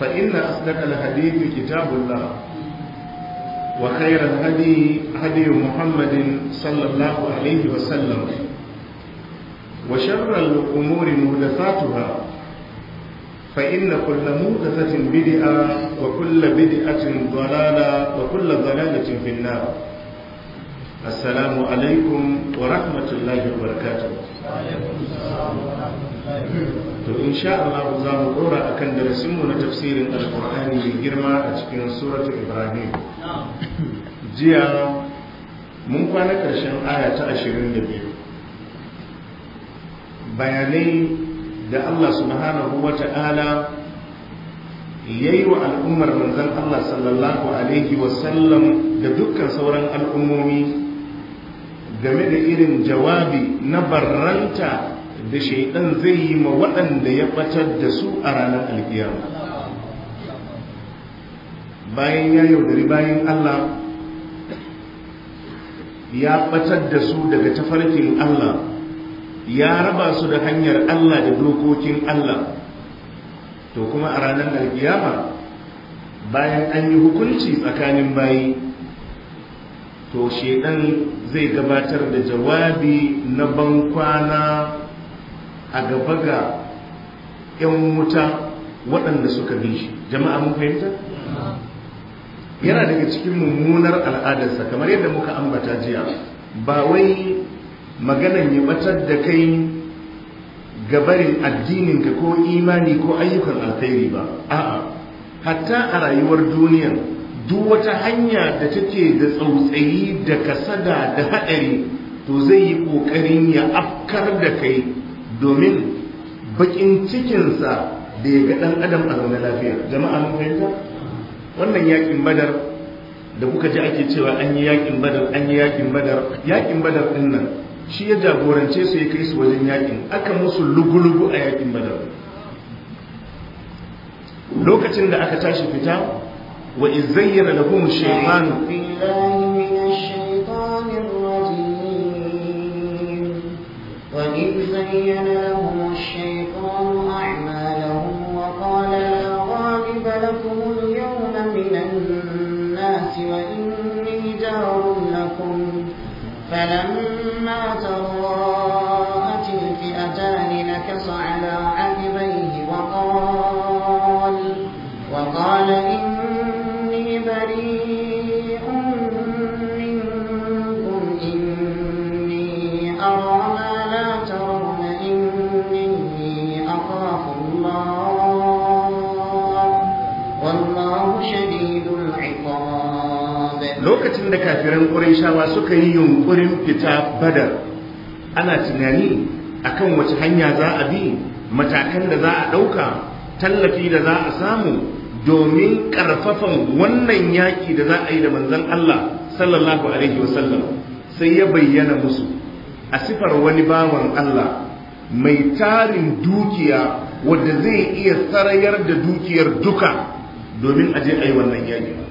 فإن أصدق الحديث كتاب الله وخير الهدي هدي محمد صلى الله عليه وسلم وشر الأمور مهدفاتها فإن كل مهدفة بدعة وكل بدعة ضلالة وكل ضلالة في النار السلام عليكم ورحمة الله وبركاته وعليكم السلام ورحمة الله to insha Allah za mu dora akan mu na tafsirin alkur'ani mai girma a cikin suratu ibrahim jiya mun kwana ƙarshen aya ta 22 bayanai da Allah subhanahu wa ta'ala ya yi wa al'ummar manzan Allah sallallahu alaihi wa Sallam da dukkan sauran al'ummomi game da irin jawabi na barranta da shaidan zai yi ma waɗanda ya ɓatar da su a ranar alkiyama bayan ya yaudari bayan Allah ya ɓatar da su daga tafarkin Allah ya raba su da hanyar Allah da dokokin Allah to kuma a ranar alkiyama bayan an yi hukunci tsakanin bayi to shaiɗan zai gabatar da jawabi na bankwana a gaba ga 'yan wuta waɗanda suka bi shi jama'a mun fahimta yana daga cikin mummunar al'adarsa kamar yadda muka ambata jiya ba wai maganan ya batar da kai gabarin addinin addininka ko imani ko ayyukan alkhairi ba a'a hatta a rayuwar duniya duk wata hanya da take da tsautsayi da kasada da haɗari to zai yi ƙoƙarin ya afkar da kai domin bakin cikinsa da ya ga ɗan adam a zaune lafiya jama'a mun fahimta wannan yakin badar da kuka ji ake cewa an yi yakin badar an yi yakin badar yakin badar din nan shi ya jagorance su ya kai su wajen yakin aka musu lugulugu a yakin badar lokacin da aka tashi fita wa izayyara lahum shaytanu وإذ زين لهم الشيطان أعمالهم وقال لا غالب لكم اليوم من الناس وإني جار لكم فلما تراءت الفئتان نكص على da kafiran shawa suka yi yunkurin fita badar ana tunani akan wace hanya za a bi matakan da za a ɗauka tallafi da za a samu domin ƙarfafan wannan yaƙi da za a yi da manzan Allah sallallahu alaihi wasallam sai ya bayyana musu a sifar wani bawan Allah mai tarin dukiya wadda zai iya sarayar da dukiyar duka domin aje a yi wannan yaƙi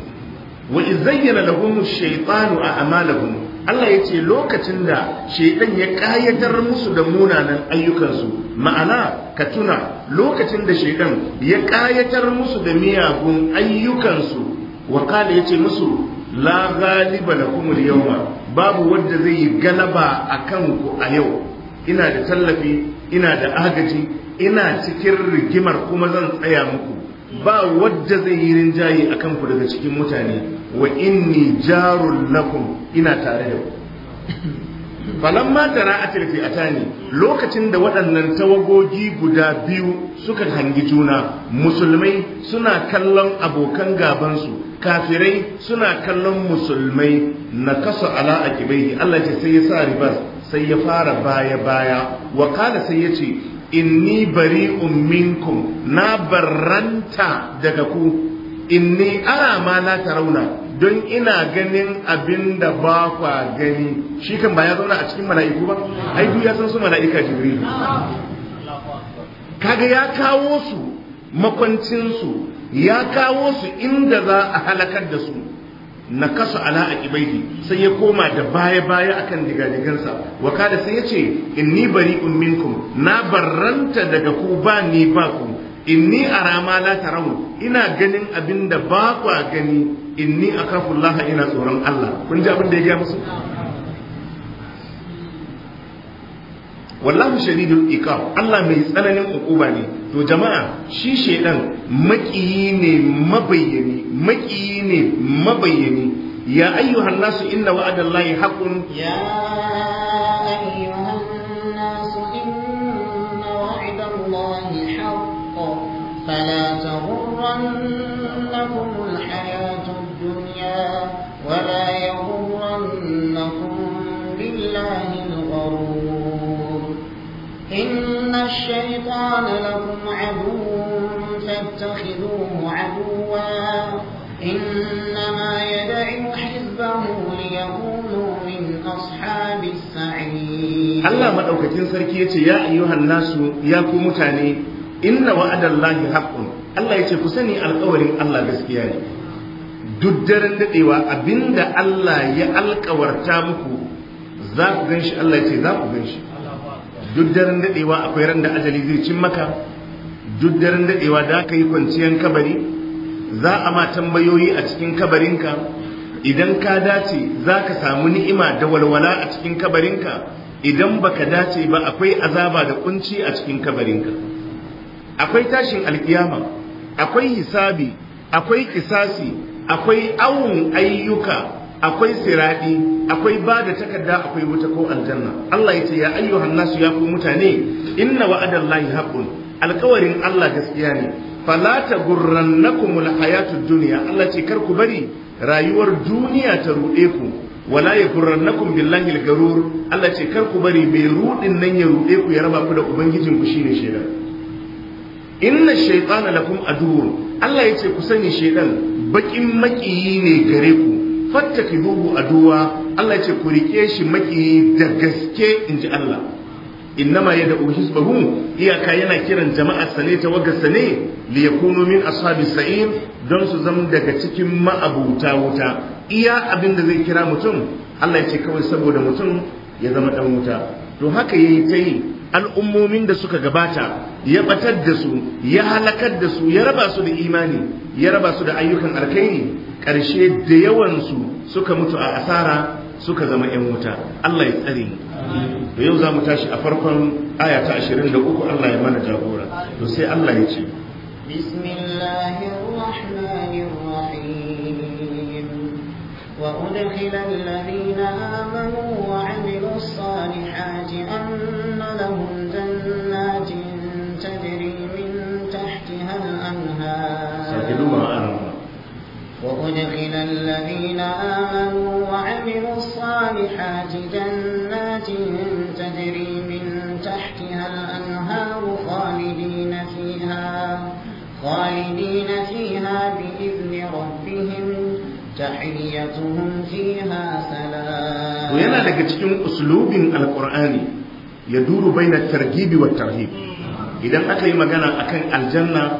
wa izayyana lahum ash-shaytanu a'malahum Allah ya ce lokacin da shaidan ya kayyadar musu da munanan ayyukansu ma'ana ka tuna lokacin da shaidan ya kayyadar musu da miyagun ayyukansu wa kana ya musu la ghaliba lakum al-yawma babu wanda zai yi galaba akan ku a yau ina da tallafi ina da agaji ina cikin rigimar kuma zan tsaya muku ba wadda zai yi rinjaye a kanku daga cikin mutane wa inni jarun lakum ina tare da ku falon matara a tani, lokacin da waɗannan tawagogi guda biyu suka hangi juna musulmai suna kallon abokan gabansu kafirai suna kallon musulmai na kasu ala a kibaihi Allah ce sai ya sa ribas sai ya fara baya baya wakala sai ya ce inni bari minkum na barranta daga ku inni ana ma ta tarauna don ina ganin abin da ba kwa gani shi kan ba ya zauna a cikin mala'iku ba ai duk ya san su mala'ika jibril kaga ya kawo su makwancinsu ya kawo su inda za a halakar da su na kasa ala a ƙibaihi sai ya koma da baya-baya akan digadigansa wa kada sai ya ce in ni bari minkum na barranta daga ku ba ni ba ku In ni a rama la ina ganin abin da ba kwa gani In ni a kafin laha ina tsoron Allah kun ji abin da ya gaya musu wallahu shadidul iqab Allah mai tsananin hukuma ne to jama'a shi shedan makiyi ne mabayyani makiyi ne mabayyani ya ayyuhan nasu inna wa'adallahi haqqun ya ayyuhan nasu inna wa'adallahi haqqun fala taghurrannakum إن الشيطان لكم عدو فاتخذوه عدوا إنما يدعو حزبه ليكونوا من أصحاب السعير Allah maɗaukakin sarki ya ce, Ya ayyuhan hannasu ya ku mutane, inna wa adallahi haƙun, Allah ya ce, Ku sani alƙawarin Allah gaskiya ne, duk daren daɗewa abinda Allah ya alƙawarta muku za ku gan shi, Allah ya ce, Za ku gan duk daren daɗewa akwai ran da ajali zai cin maka duk daren daɗewa da ka yi kwanciyar kabari za a ma tambayoyi a cikin kabarinka idan ka dace za ka samu ni'ima da walwala a cikin kabarinka idan baka dace ba akwai azaba da kunci a cikin kabarinka akwai tashin alkiyama akwai hisabi akwai kisasi akwai awun ayyuka akwai siraɗi, akwai ba da takarda akwai wuta ko aljanna Allah yace ya ayyuhan nasu ya ku mutane inna wa'adallahi haqqun alkawarin Allah gaskiya ne fala tagurrannakumul hayatud dunya Allah ce kar ku bari rayuwar duniya ta rude ku wala yagurrannakum billahi algarur Allah ce kar ku bari mai rudin nan ya rude ku ya raba ku da ubangijin ku shine shedan inna shaytana lakum duhu. Allah yace ku sani shedan bakin makiyi ne gare ku a duwa Allah ce ku rike shi maki da gaske in ji Allah innama ya da hizbahu iyaka yana kiran jama'a sane ta waga sane li yakunu min ashabis sa'ir don su zama daga cikin ma'abuta wuta iya abin da zai kira mutum Allah ya ce kawai saboda mutum ya zama dan wuta to haka yayi ta yi al'ummomin da suka gabata ya batar da su ya halakar da su ya raba su da imani ya raba su da ayyukan alkaini ƙarshe da yawansu suka mutu a asara suka zama 'yan wuta Allah ya tsari. da yau za mu tashi a farkon aya ta 23 Allah ya mana jagora to sai Allah ya ce bismillahirrahmanirrahim أدخل الذين آمنوا وعملوا الصالحات جنات تجري من تحتها الأنهار خالدين فيها خالدين فيها بإذن ربهم تحيتهم فيها سلام وينا لك تكون أسلوب القرآن يدور بين الترغيب والترهيب إذا أكل مجانا أكل الجنة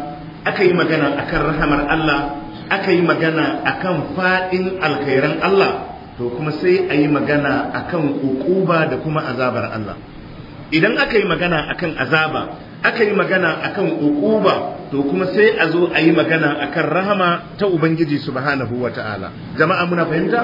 أكل مجانا أكل رحمة الله aka yi magana akan faɗin alkhairan Allah to kuma sai a yi magana akan ukuba da kuma azabar Allah idan aka yi magana akan azaba aka yi magana akan ukuba to kuma sai a zo a yi magana akan rahama ta ubangiji subhanahu ta'ala jama'a muna fahimta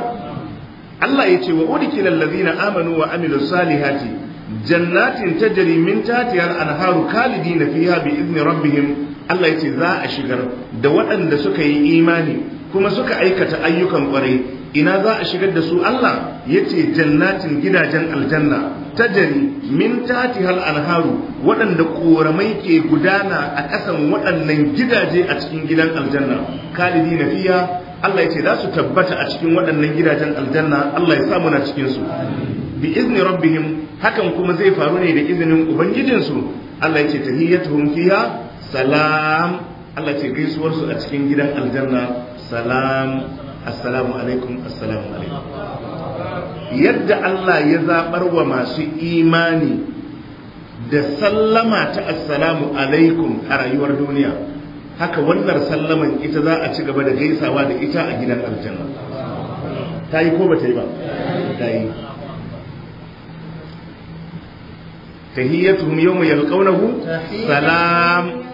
Allah ya ce wa udkilal na amanu wa amilus salihati jannatin tajri min tatiyar al kalidi na fiya bi izni rabbihim Allah ce za a shigar da waɗanda suka yi imani kuma suka aikata ayyukan kwarai ina za a shigar da su Allah yace jannatin gidajen aljanna tajari min tatihal anharu waɗanda koramai ke gudana a ƙasan waɗannan gidaje a cikin gidan aljanna na fiya Allah ce za su tabbata a cikin waɗannan gidajen aljanna Allah ya sa muna cikin su bi izni rabbihim hakan kuma zai faru ne da izinin ubangijinsu Allah yace tahiyyatuhum fiha salam Allah ce gaisuwar su a cikin gidan aljanna salam assalamu alaikum assalamu alaikum yadda Allah ya zabar wa masu imani da sallama ta assalamu alaikum a rayuwar duniya haka wannan sallaman ita za a ci gaba da gaisawa da ita a gidan aljanna ta yi ko ba ta yi ba ta yi tahiyyatuhum yawma yalqawnahu salam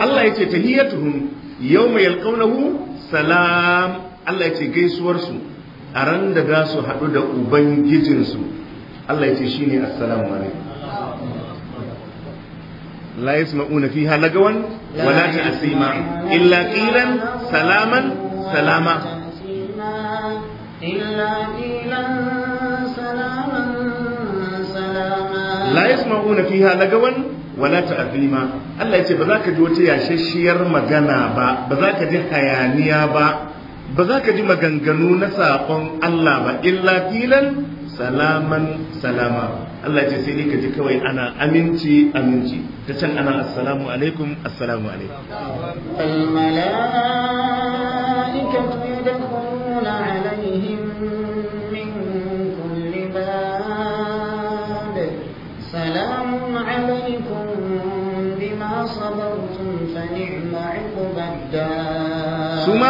Allah ya ce ta yau mai alƙaunahu salam Allah ya ce gaisuwarsu a ran da za su haɗu da Ubangijinsu Allah ya ce ne assalamu alaikum la yasma'una fiha lagawan wala ta'sima illa qilan salaman illa ƙiran salaman salama la yasma'una fi lagawan wala ta'zima Allah yace ba za ka ji wata yashashiyar magana ba ba za ka ji hayaniya ba ba za ka ji maganganu na saƙon Allah ba illa filan salaman salama Allah ce sai ka ji kawai ana aminci aminci ta can ana assalamu alaikum assalamu alaikum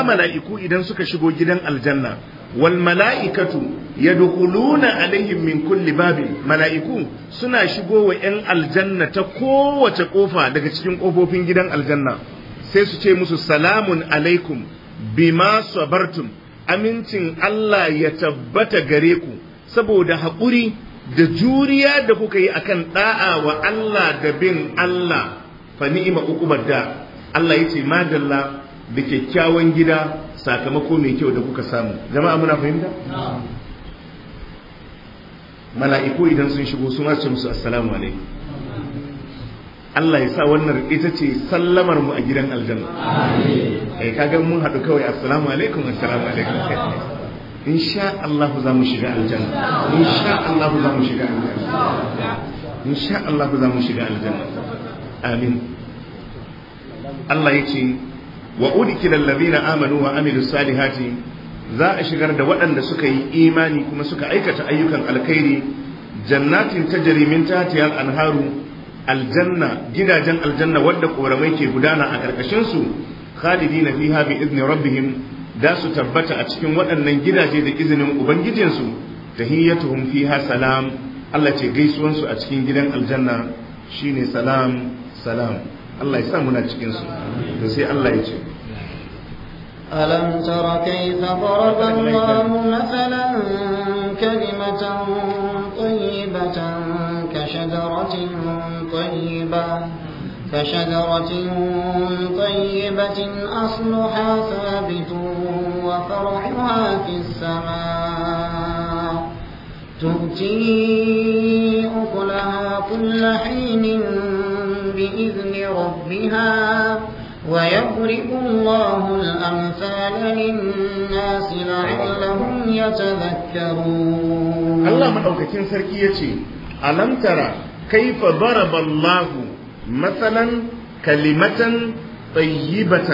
mala'iku idan suka shigo gidan aljanna wal mala'ikatu yadkhuluna alaihim min kulli babin mala'iku suna shigo wa yan aljanna ta kowace ƙofa daga cikin kofofin gidan aljanna sai su ce musu salamun alaikum bima sabartum amincin Allah ya tabbata gare ku saboda haƙuri da juriya da kuka yi akan da'a wa Allah da bin Allah fa ni'ima uqubad da Allah yace madalla da kyakkyawan gida sakamako mai kyau da kuka samu jama'a muna fahimta mala'iku idan sun shigo su masu musu assalamu alaikum Allah ya sa wannan ita ce sallamar mu a gidan aljanna eh kaga mun hadu kawai assalamu alaikum assalamu alaikum insha Allah za mu shiga aljanna insha Allah za mu shiga aljanna insha Allah za mu shiga aljanna amin Allah yake wa udkila na amanu wa amilus salihati za a shigar da waɗanda suka yi imani kuma suka aikata ayyukan alkhairi jannatin tajri min tahtihal anharu aljanna gidajen aljanna wadda koramai ke gudana a karkashin su khalidina fiha bi idni rabbihim da su tabbata a cikin waɗannan gidaje da izinin ubangijinsu tahiyyatuhum fiha salam Allah ce gaisuwansu a cikin gidan aljanna shine salam salam Allah ya sa muna cikin su to sai Allah ya ce ألم تر كيف ضرب الله مثلا كلمة طيبة كشجرة طيبة كشجرة طيبة أصلها ثابت وفرعها في السماء تؤتي أكلها كل حين بإذن ربها ويضرب الله الأمثال للناس لعلهم يتذكرون الله مدوكاكين سركي سركية ألم ترى كيف ضرب الله مثلا كلمة طيبة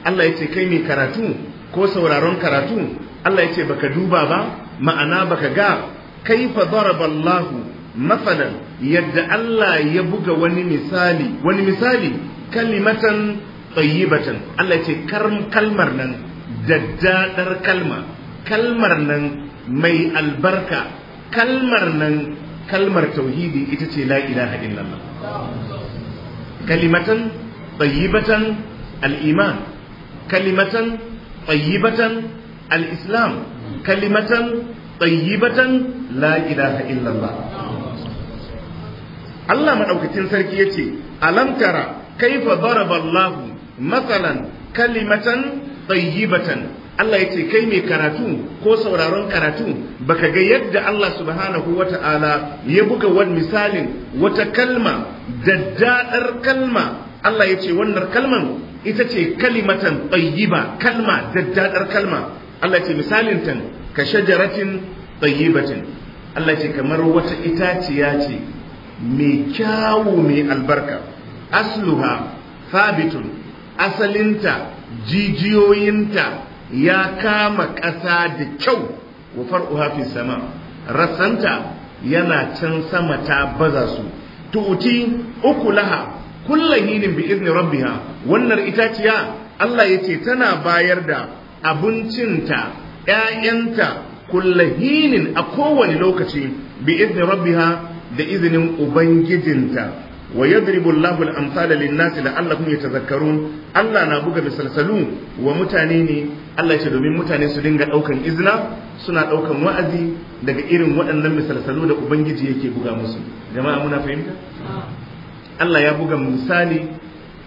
Allah ya ce kai mai karatu ko sauraron karatu Allah ya ce baka duba ba ma'ana baka ga kaifa daraba Allahu matsalan yadda Allah ya buga wani misali wani misali kalimatan tsayibatan Allah ce kalmar nan daddadar kalma kalmar nan mai albarka kalmar nan kalmar tauhidi ita ce la ilaha illallah kalimatan tsayibatan al'iman kalimatan tsayibatan al'islam kalimatan la ilaha illallah Allah madaukakin sarki yace alam tara kaifa daraba Allah matsalan, kalimatan tayyibatan Allah yace kai mai karatu ko sauraron karatu baka ga yadda Allah subhanahu wata'ala ya buga wani misalin wata kalma daddadar kalma Allah yace wannan kalman ita ce kalimatan tayyiba kalma daddadar kalma Allah ce misalin tan ka shajaratin tayyibatin Allah ce kamar wata itaciya ce mai kyawu mai albarka asluha fabitun asalinta jijiyoyinta ya kama ƙasa da kyau wa far'uha hafi sama rassanta yana can sama ta baza su tu'ti uku laha kulla hinin bi izni rabbiha wannan itaciya Allah ya ce tana bayar da abincinta ‘ya'yanta kulla hinin a kowane lokaci bi izni rabbiha da izinin ubangijinta wa yadribu Allahu al-amsala lin-nasi la'allahum yatazakkarun Allah na buga misalsalu wa mutane ne Allah ce domin mutane su dinga daukan izina suna daukan wa'azi daga irin waɗannan misalsalu da ubangiji yake buga musu jama'a muna fahimta Allah ya buga misali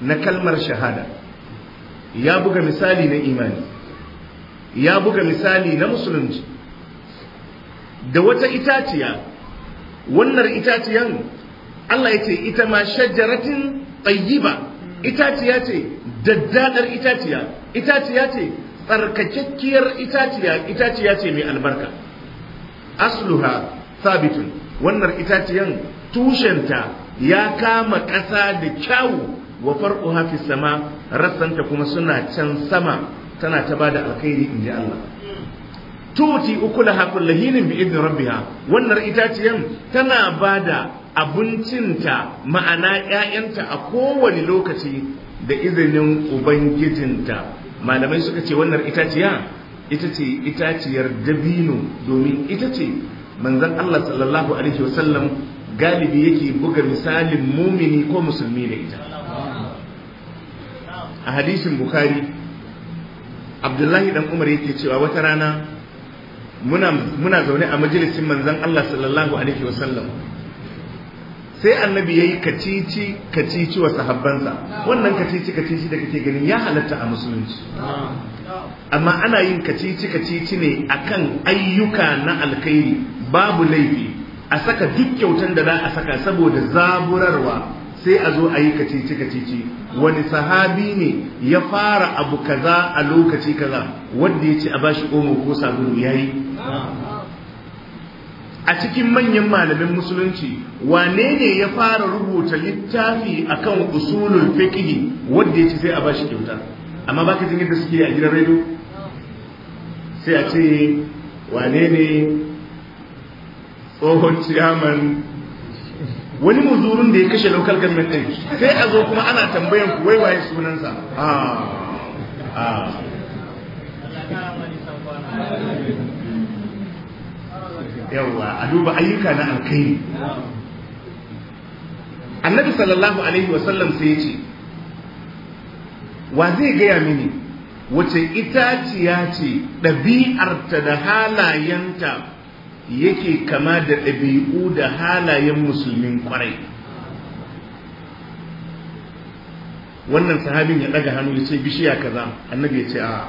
na kalmar shahada ya buga misali na imani ya buga misali na musulunci da wata itaciya wannan itaciyan Allah ya ce ita ma shajaratin tayyiba itaciya ce daddadar itaciya itaciya ce tsarkakakkiyar itaciya itaciya ce mai albarka asluha sabitun wannan itaciyan tushenta ya kama ƙasa da kyawu wa far'uha hafi sama rassanta kuma suna can sama tana ta bada alkhairi inji Allah tuti uku ukulaha kullahinin bi idni rabbiha wannan itaciyan tana bada abincinta ma'ana ƴaƴanta a kowane lokaci da izinin ubangijinta malamai suka ce wannan itaciya ita ce itaciyar dabino domin ita ce manzon Allah sallallahu alaihi wasallam galibi yake buga misalin mumini ko musulmi da ita a hadisin bukhari abdullahi dan umar yake cewa wata rana muna zaune a majalisin Manzan, Allah sallallahu alaihi wasallam sai annabi yayi kacici kacici wa sahabbansa wannan kacici kacici da kake ganin ya halatta a musulunci amma ana yin kacici kacici ne akan ayyuka na alkhairi babu laifi a saka duk kyautan da za a saka saboda zaburarwa sai a zo a yi kacici kacici wani sahabi ne ya fara abu kaza a lokaci kaza wanda ya ce a bashi omo ko sabulu ya yi a cikin manyan malamin musulunci wane ne ya fara rubuta littafi akan usulul fiqh wanda ya ce sai a bashi kyauta amma baka jin yadda suke a gidan radio sai a ce wane ne tsohon ciyaman wani muzurun da ya kashe local government ɗin sai a zo kuma ana tambayan ku wai waye sunansa ah. Ah. Yawwa, a duba ayyuka na alkai annabi sallallahu alaihi wasallam sai ya ce wa zai gaya mini wace itaciya ce ɗabi'arta da halayenta yake kama da ɗabi'u da halayen musulmin kwarai wannan sahabin ya ɗaga hannu ya ce bishiya kaza annabi ya ce a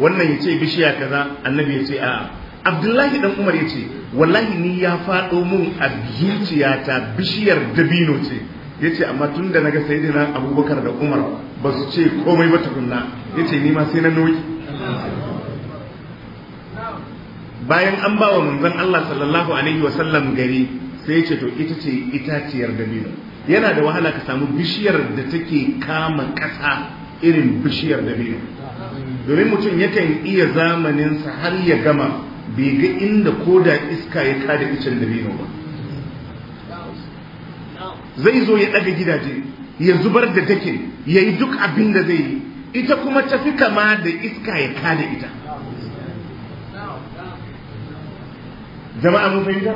wannan ya ce bishiya kaza annabi ya ce a abdullahi dan umar ya ce wallahi ni ya faɗo mun a zuciyata bishiyar dabino ce ya ce amma tun da na ga sayidina abubakar da umar ba su ce komai ba tukunna ya ce ni ma sai na noki bayan an ba wa manzon Allah sallallahu alaihi wasallam gari sai ya ce to ita ce itaciyar dabino yana da wahala ka samu bishiyar da take kama ƙasa irin bishiyar dabino domin mutum yakan iya zamaninsa har ya gama bai ga inda ko da iska ya kada icen dabino ba zai zo ya ɗaga gidaje ya zubar da take ya yi duk abin da zai yi ita kuma tafi kama da iska ya kada ita jama'a mun fahimta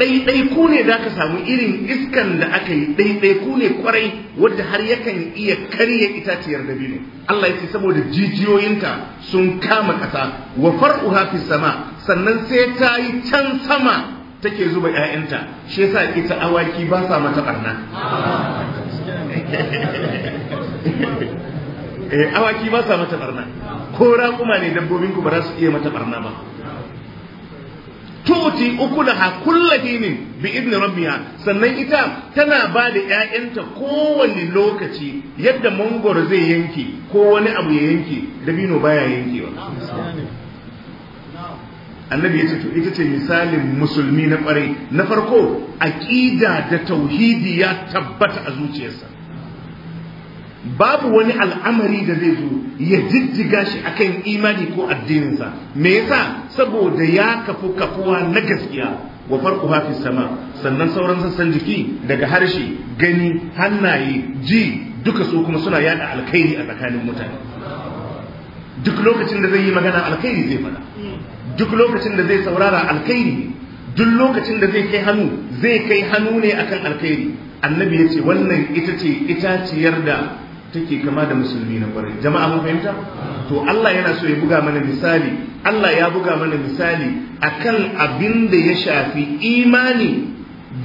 ɗaiɗaiku ne za ka samu irin iskan da aka yi ɗaiɗaiku ne kwarai wadda har yakan iya karya itaciyar dabino Allah ya ce saboda jijiyoyinta sun kama ƙasa wa far'uha fi sama sannan sai ta yi can sama take zuba 'ya'yanta shi yasa ita awaki ba sa mata barna eh, awaki ba sa mata barna ko raƙuma ne dabbobin ku ba za su iya mata barna ba tuti ukulaha kullahinin bi idni rabbiha sannan ita tana ba da ƴaƴanta kowane lokaci yadda mangoro zai yanki ko wani abu ya yanke dabino baya yanki yankewa annabi ya to ita ce misalin musulmi na farai. na farko aƙida da tauhidi ya tabbata a zuciyarsa babu wani al'amari da zai zo ya jijjiga shi kan imani ko addininsa me yasa saboda ya kafu kafuwa na gaskiya wa farko hafi sama sannan sauran sassan jiki daga harshe gani hannaye ji duka su kuma suna yada alkhairi a tsakanin mutane duk lokacin da zai yi magana alkhairi zai fada duk lokacin da zai saurara alkhairi duk lokacin da zai kai hannu zai kai hannu ne akan alkhairi annabi ya ce wannan ita ce itaciyar da take kama da musulmi na kwarai jama'a mun fahimta to Allah yana so ya buga mana misali Allah ya buga mana misali akan abin da ya shafi imani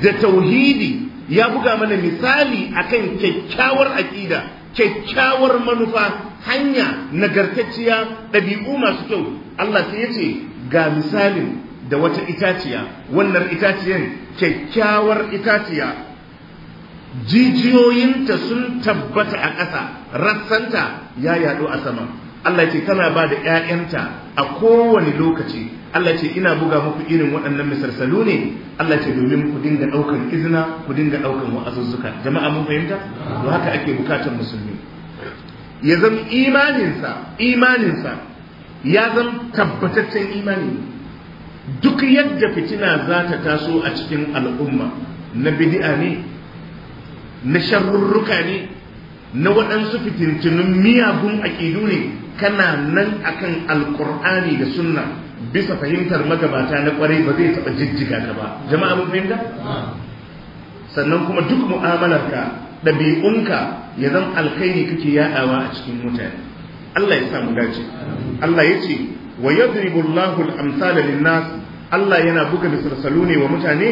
da tauhidi ya buga mana misali akan kyakkyawar aƙida kyakkyawar manufa hanya nagartacciya ɗabi'u masu kyau Allah sai ya ce ga misalin da wata itaciya wannan itaciyan kyakkyawar itaciya jijiyoyinta sun tabbata a ƙasa rassanta ya yaɗo a sama Allah ce tana ba da ‘ya'yanta a kowane lokaci Allah ce ina buga muku irin waɗannan misarsalu ne Allah ce domin ku dinga ɗaukan izina ku dinga ɗaukan wa'azuzzuka jama'a mun fahimta to haka ake bukatar musulmi ya zama imaninsa imaninsa ya zama tabbataccen imani duk yadda fitina za ta taso a cikin al'umma na bidi'a ne na sharurruka ne na waɗansu fitintunun miyagun aƙidu ne kana nan a akan alƙur'ani da sunna bisa fahimtar magabata na ƙwarai ba zai taɓa jijjiga ka ba jama'a mun fahimta sannan kuma duk mu'amalarka ɗabi'unka ya zan alkhairi kake yaɗawa a cikin mutane Allah ya samu dace Allah ya ce wa yadribu al-amsala lin-nas Allah yana buga misalsalu ne wa mutane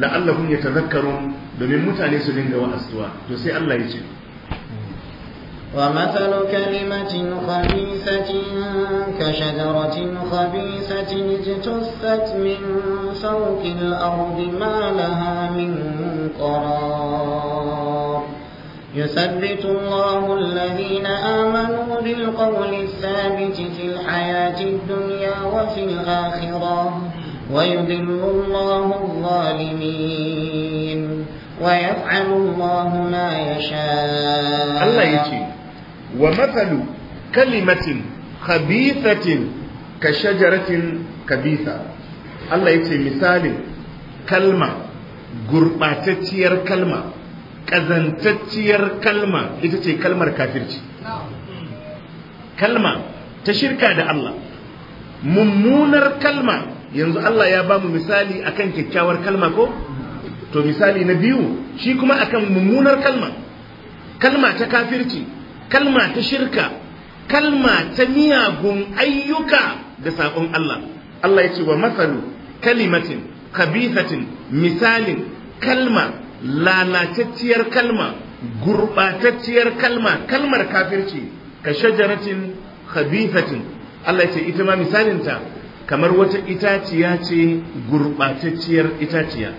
la'allahum yatazakkarun domin mutane su dinga wa'azuwa to sai Allah ya ce ومثل كلمة خبيثة كشجرة خبيثة اجتثت من فوق الأرض ما لها من قرار يثبت الله الذين آمنوا بالقول الثابت في الحياة الدنيا وفي الآخرة ويضل الله الظالمين ويفعل الله ما يشاء الله يتي ومثل كلمة خبيثة كشجرة كبيثة الله يتي مثال كلمة gurɓatacciyar kalma ƙazantacciyar kalma ita ce kalmar kafirci kalma ta shirka da Allah mummunar kalma yanzu Allah ya ba mu misali akan kyakkyawar kalma ko to misali na biyu shi kuma akan mummunar kalma kalma ta kafirci kalma ta shirka kalma ta miyagun ayyuka da sakon Allah Allah ya ce wa masalu kalimatin kabisatin misalin kalma lalatacciyar kalma gurbatacciyar kalma kalmar kafirci ka shajaratin khabisatin Allah ya ce ita ma misalinta kamar wata itaciya ce gurbatacciyar itaciya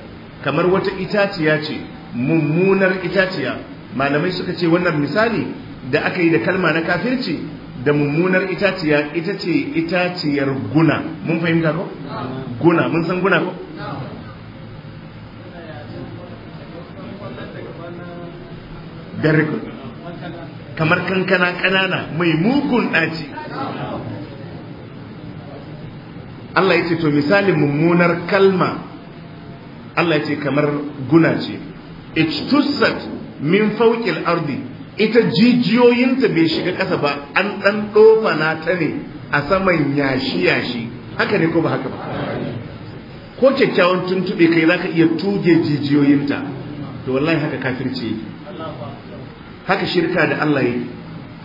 kamar wata itaciya ce mummunar itaciya malamai suka ce wannan misali da aka yi da kalma na kafirci da mummunar itaciya ita ce itaciyar guna mun fahimta ko guna mun san guna ko kamar kankana kanana mai mugun ɗaci Allah ya ce to misalin mummunar kalma Allah ya ce kamar guna ce ijtussat min fawqil ardi ita jijiyoyinta bai shiga ƙasa ba an ɗan ɗofana ta ne a saman yashi yashi haka ne ko ba haka ba ko kyakkyawan tuntuɓe kai za ka iya tuge jijiyoyinta to wallahi haka kafirci yake haka shirka da Allah yake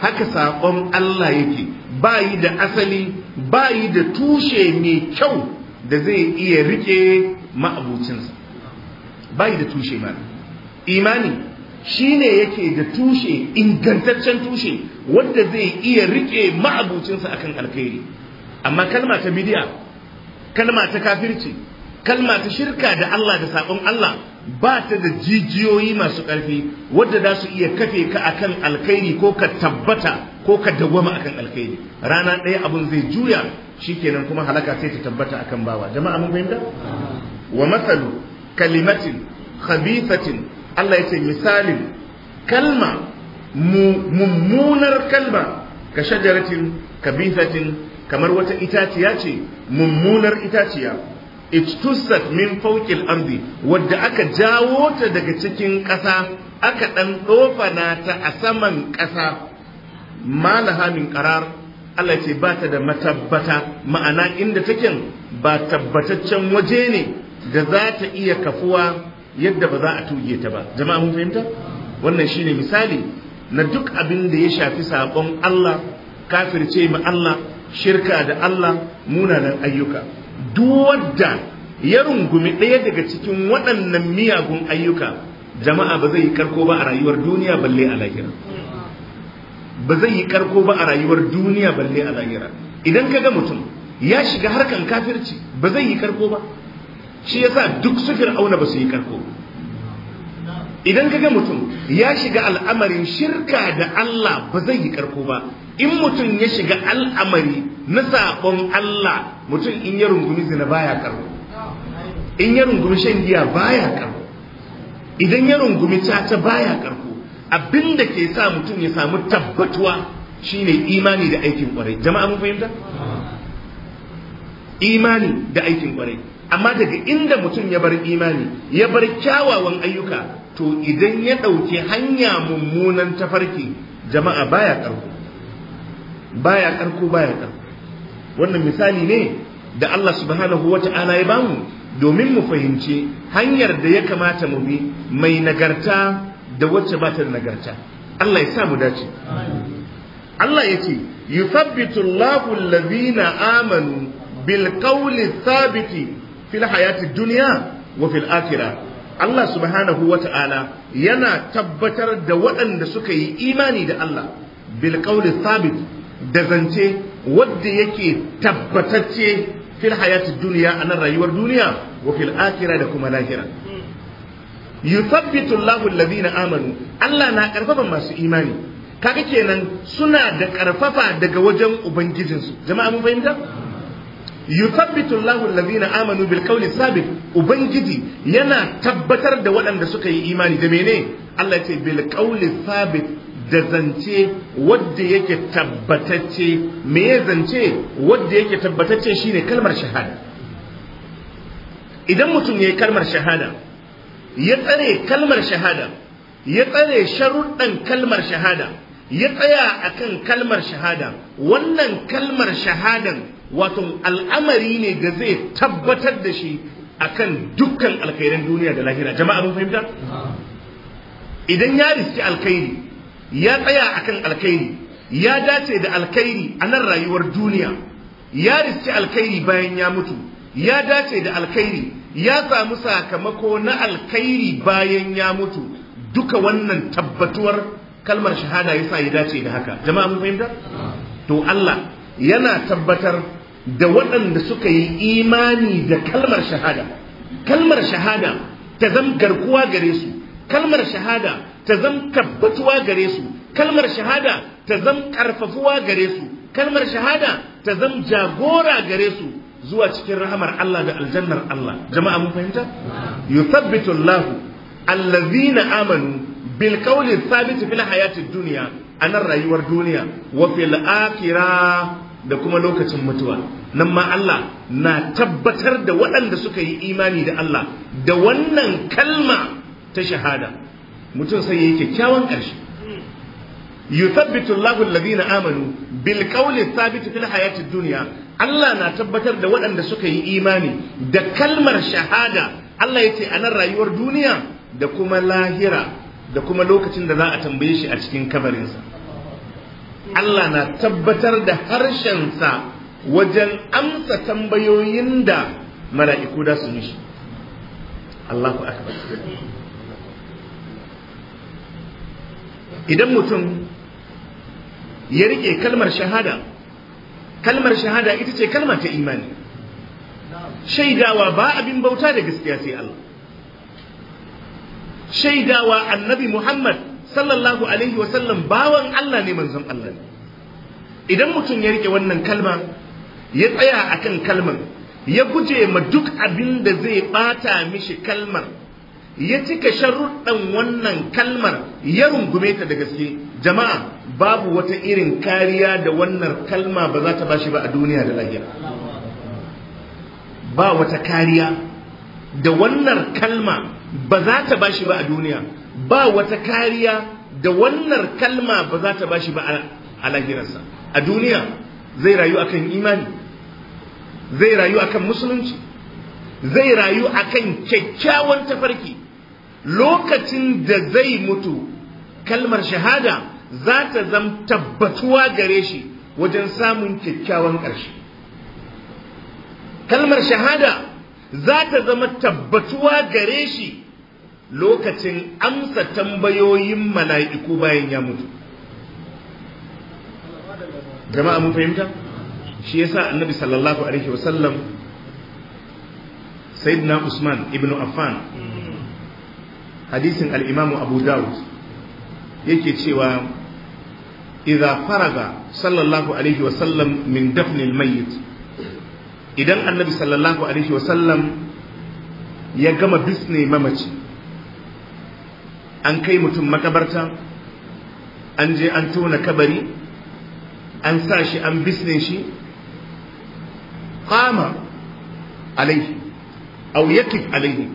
haka saƙon Allah yake bayi da asali bayi da tushe mai kyau da zai iya rike ma'abucinsa bayi da tushe ba. imani shi ne yake da tushe ingantaccen tushe wadda zai iya rike ma'abucinsa akan alkhairi amma kalma ta bidiya kalma ta kafirci kalma ta shirka da Allah da sabon Allah ba ta da jijiyoyi masu ƙarfi wadda za su iya kafe ka akan alkhairi ko ka tabbata ko ka dawwama akan alkhairi rana ɗaya abun zai juya shikenan kuma halaka sai ta tabbata akan bawa jama'a mun fahimta wa masalu kalimatin khabithatin Allah yace misalin kalma mummunar kalma ka shajaratin kabithatin kamar wata itaciya ce mummunar itaciya ittusat min fawqil ardi wadda aka jawo ta daga cikin ƙasa aka ɗan dofana ta a saman ƙasa malaha min qarar Allah ce ba ta da matabbata ma'ana inda take ba tabbataccen waje ne da za ta iya kafuwa yadda ba za a tuge ta ba jama'a mun fahimta wannan shine misali na duk abin da ya shafi sabon Allah kafirce mu Allah shirka da Allah munanan ayyuka duk wanda ya rungumi ɗaya daga cikin waɗannan miyagun ayyuka jama'a ba zai yi karko ba a rayuwar duniya balle a lahira ba zai yi karko ba a rayuwar duniya balle a lahira idan ka ga mutum ya shiga harkan kafirci ba zai yi karko ba shi yasa duk su fir'auna ba su yi karko idan ka ga mutum ya shiga al'amarin shirka da Allah ba zai yi karko ba in mutum ya shiga al'amari na sabon Allah mutum in ya rungumi zina baya karko in ya rungumi shan giya baya karko idan ya rungumi caca baya karko Abin da ke sa mutum ya samu tabbatuwa shine imani da aikin kwarai jama'a mun fahimta imani da aikin kwarai amma daga inda mutum ya bar imani ya bar kyawawan ayyuka to idan ya ɗauki hanya mummunan tafarki jama'a baya karko baya karko baya ƙarko wannan misali ne da Allah subhanahu wata'ala ya bamu domin mu fahimci hanyar da ya kamata mu bi mai nagarta da wacce ba ta da nagarta Allah ya sa mu dace Allah ya ce yuthabbitu Allahu allazina amanu bil qawli thabiti fil hayati dunya wa fil akhirah Allah subhanahu ta'ala yana tabbatar da waɗanda suka yi imani da Allah bil qawli thabit da zance wanda yake tabbatacce fil hayati dunya a nan rayuwar duniya wa fil akhirah da kuma lahira yuthabbitu Allahu alladhina amanu Allah na karfafa masu imani kaga kenan suna da karfafa daga wajen ubangijinsu jama'a mun fahimta yuthabbitu Allahu alladhina amanu bil qawli sabit ubangiji yana tabbatar da waɗanda suka yi imani da mene Allah ce bil qawli sabit da zance wadda yake tabbatacce me ya zance wadda yake tabbatacce shine kalmar shahada idan mutum yayi kalmar shahada ya tsare kalmar shahada ya tsare sharuɗan kalmar shahada ya tsaya akan kalmar shahada wannan kalmar shahadan wato al'amari ne da zai tabbatar da shi akan dukkan alkhairan duniya da lahira jama'a mun fahimta idan ya riski alkhairi ya tsaya akan alkhairi ya dace da alkhairi a nan rayuwar duniya ya riski alkhairi bayan ya mutu ya dace da alkhairi ya samu sakamako na alkhairi bayan ya mutu duka wannan tabbatuwar kalmar shahada yasa ya dace da haka jama'a mun fahimta to Allah yana tabbatar da waɗanda suka yi imani da kalmar shahada kalmar shahada ta zam garkuwa gare su kalmar shahada ta zam tabbatuwa gare su kalmar shahada ta zam karfafuwa gare su kalmar shahada ta zam jagora gare su zuwa cikin rahamar Allah da aljannar Allah jama'a mun fahimta yuthabbitu Allah allazina amanu bil qawli thabit fil hayati dunya anan rayuwar duniya wa fil da kuma lokacin mutuwa nan ma Allah na tabbatar da waɗanda suka yi imani da Allah da wannan kalma ta shahada mutum sai yayi kyakkyawan ƙarshe yuthabbitu Allahu alladhina amanu bil qawli thabit fil hayati dunya Allah na tabbatar da waɗanda suka yi imani da kalmar shahada Allah ya ce a nan rayuwar duniya da kuma lahira da kuma lokacin da za a tambaye shi a cikin kabarinsa Allah na tabbatar da harshensa wajen amsa tambayoyin da mala'iku da su mishi Allahu akbar idan mutum ya rike kalmar shahada kalmar shahada ita ce kalma ta imani shaidawa ba abin bauta da gaskiya sai Allah shaidawa annabi Muhammad sallallahu alaihi wasallam bawan Allah ne manzon Allah ne idan mutum ya rike wannan kalma ya tsaya akan kalmar, ya guje ma duk abin da zai bata mishi kalmar ya cika sharuɗan wannan kalmar ya rungume ta da gaske jama'a babu wata irin kariya da wannan kalma ba za ta bashi ba a duniya da lahira ba wata kariya da wannan kalma ba za ta bashi ba a duniya ba wata kariya da wannan kalma ba za ta bashi ba a lahirarsa a duniya zai rayu akan imani zai rayu akan musulunci zai rayu akan kyakkyawan tafarki lokacin da zai mutu kalmar shahada za ta zam tabbatuwa gare shi wajen samun kyakkyawan ƙarshe kalmar shahada za ta zama tabbatuwa gare shi lokacin amsa tambayoyin mala'iku bayan ya mutu jama'a mun fahimta shi yasa annabi sallallahu alaihi wasallam sayyidina usman ibnu affan hadisin al-imamu abu dawud yake cewa idan faraga sallallahu alaihi wa sallam min dafnil mayyit idan annabi sallallahu alaihi wa sallam ya gama bisne mamaci an kai mutum makabarta an je an tona kabari an sa shi an bisne shi qama alaihi aw yakif alaihi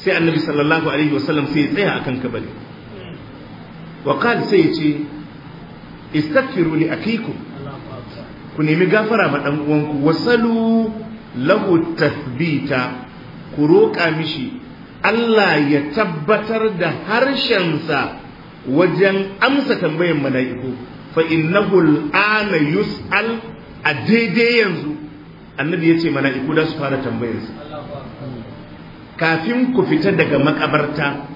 sai annabi sallallahu alaihi wa sallam sai ya tsaya akan kabari wa qal sai ya ce istaghfiru li akikum ku nemi gafara ma dan uwanku wasalu lahu tasbita, ku roƙa mishi Allah ya tabbatar da harshen sa wajen amsa tambayan mala'iku fa innahu al'ana yus'al a daidai yanzu annabi yace mala'iku da su fara tambayarsa kafin ku fita daga makabarta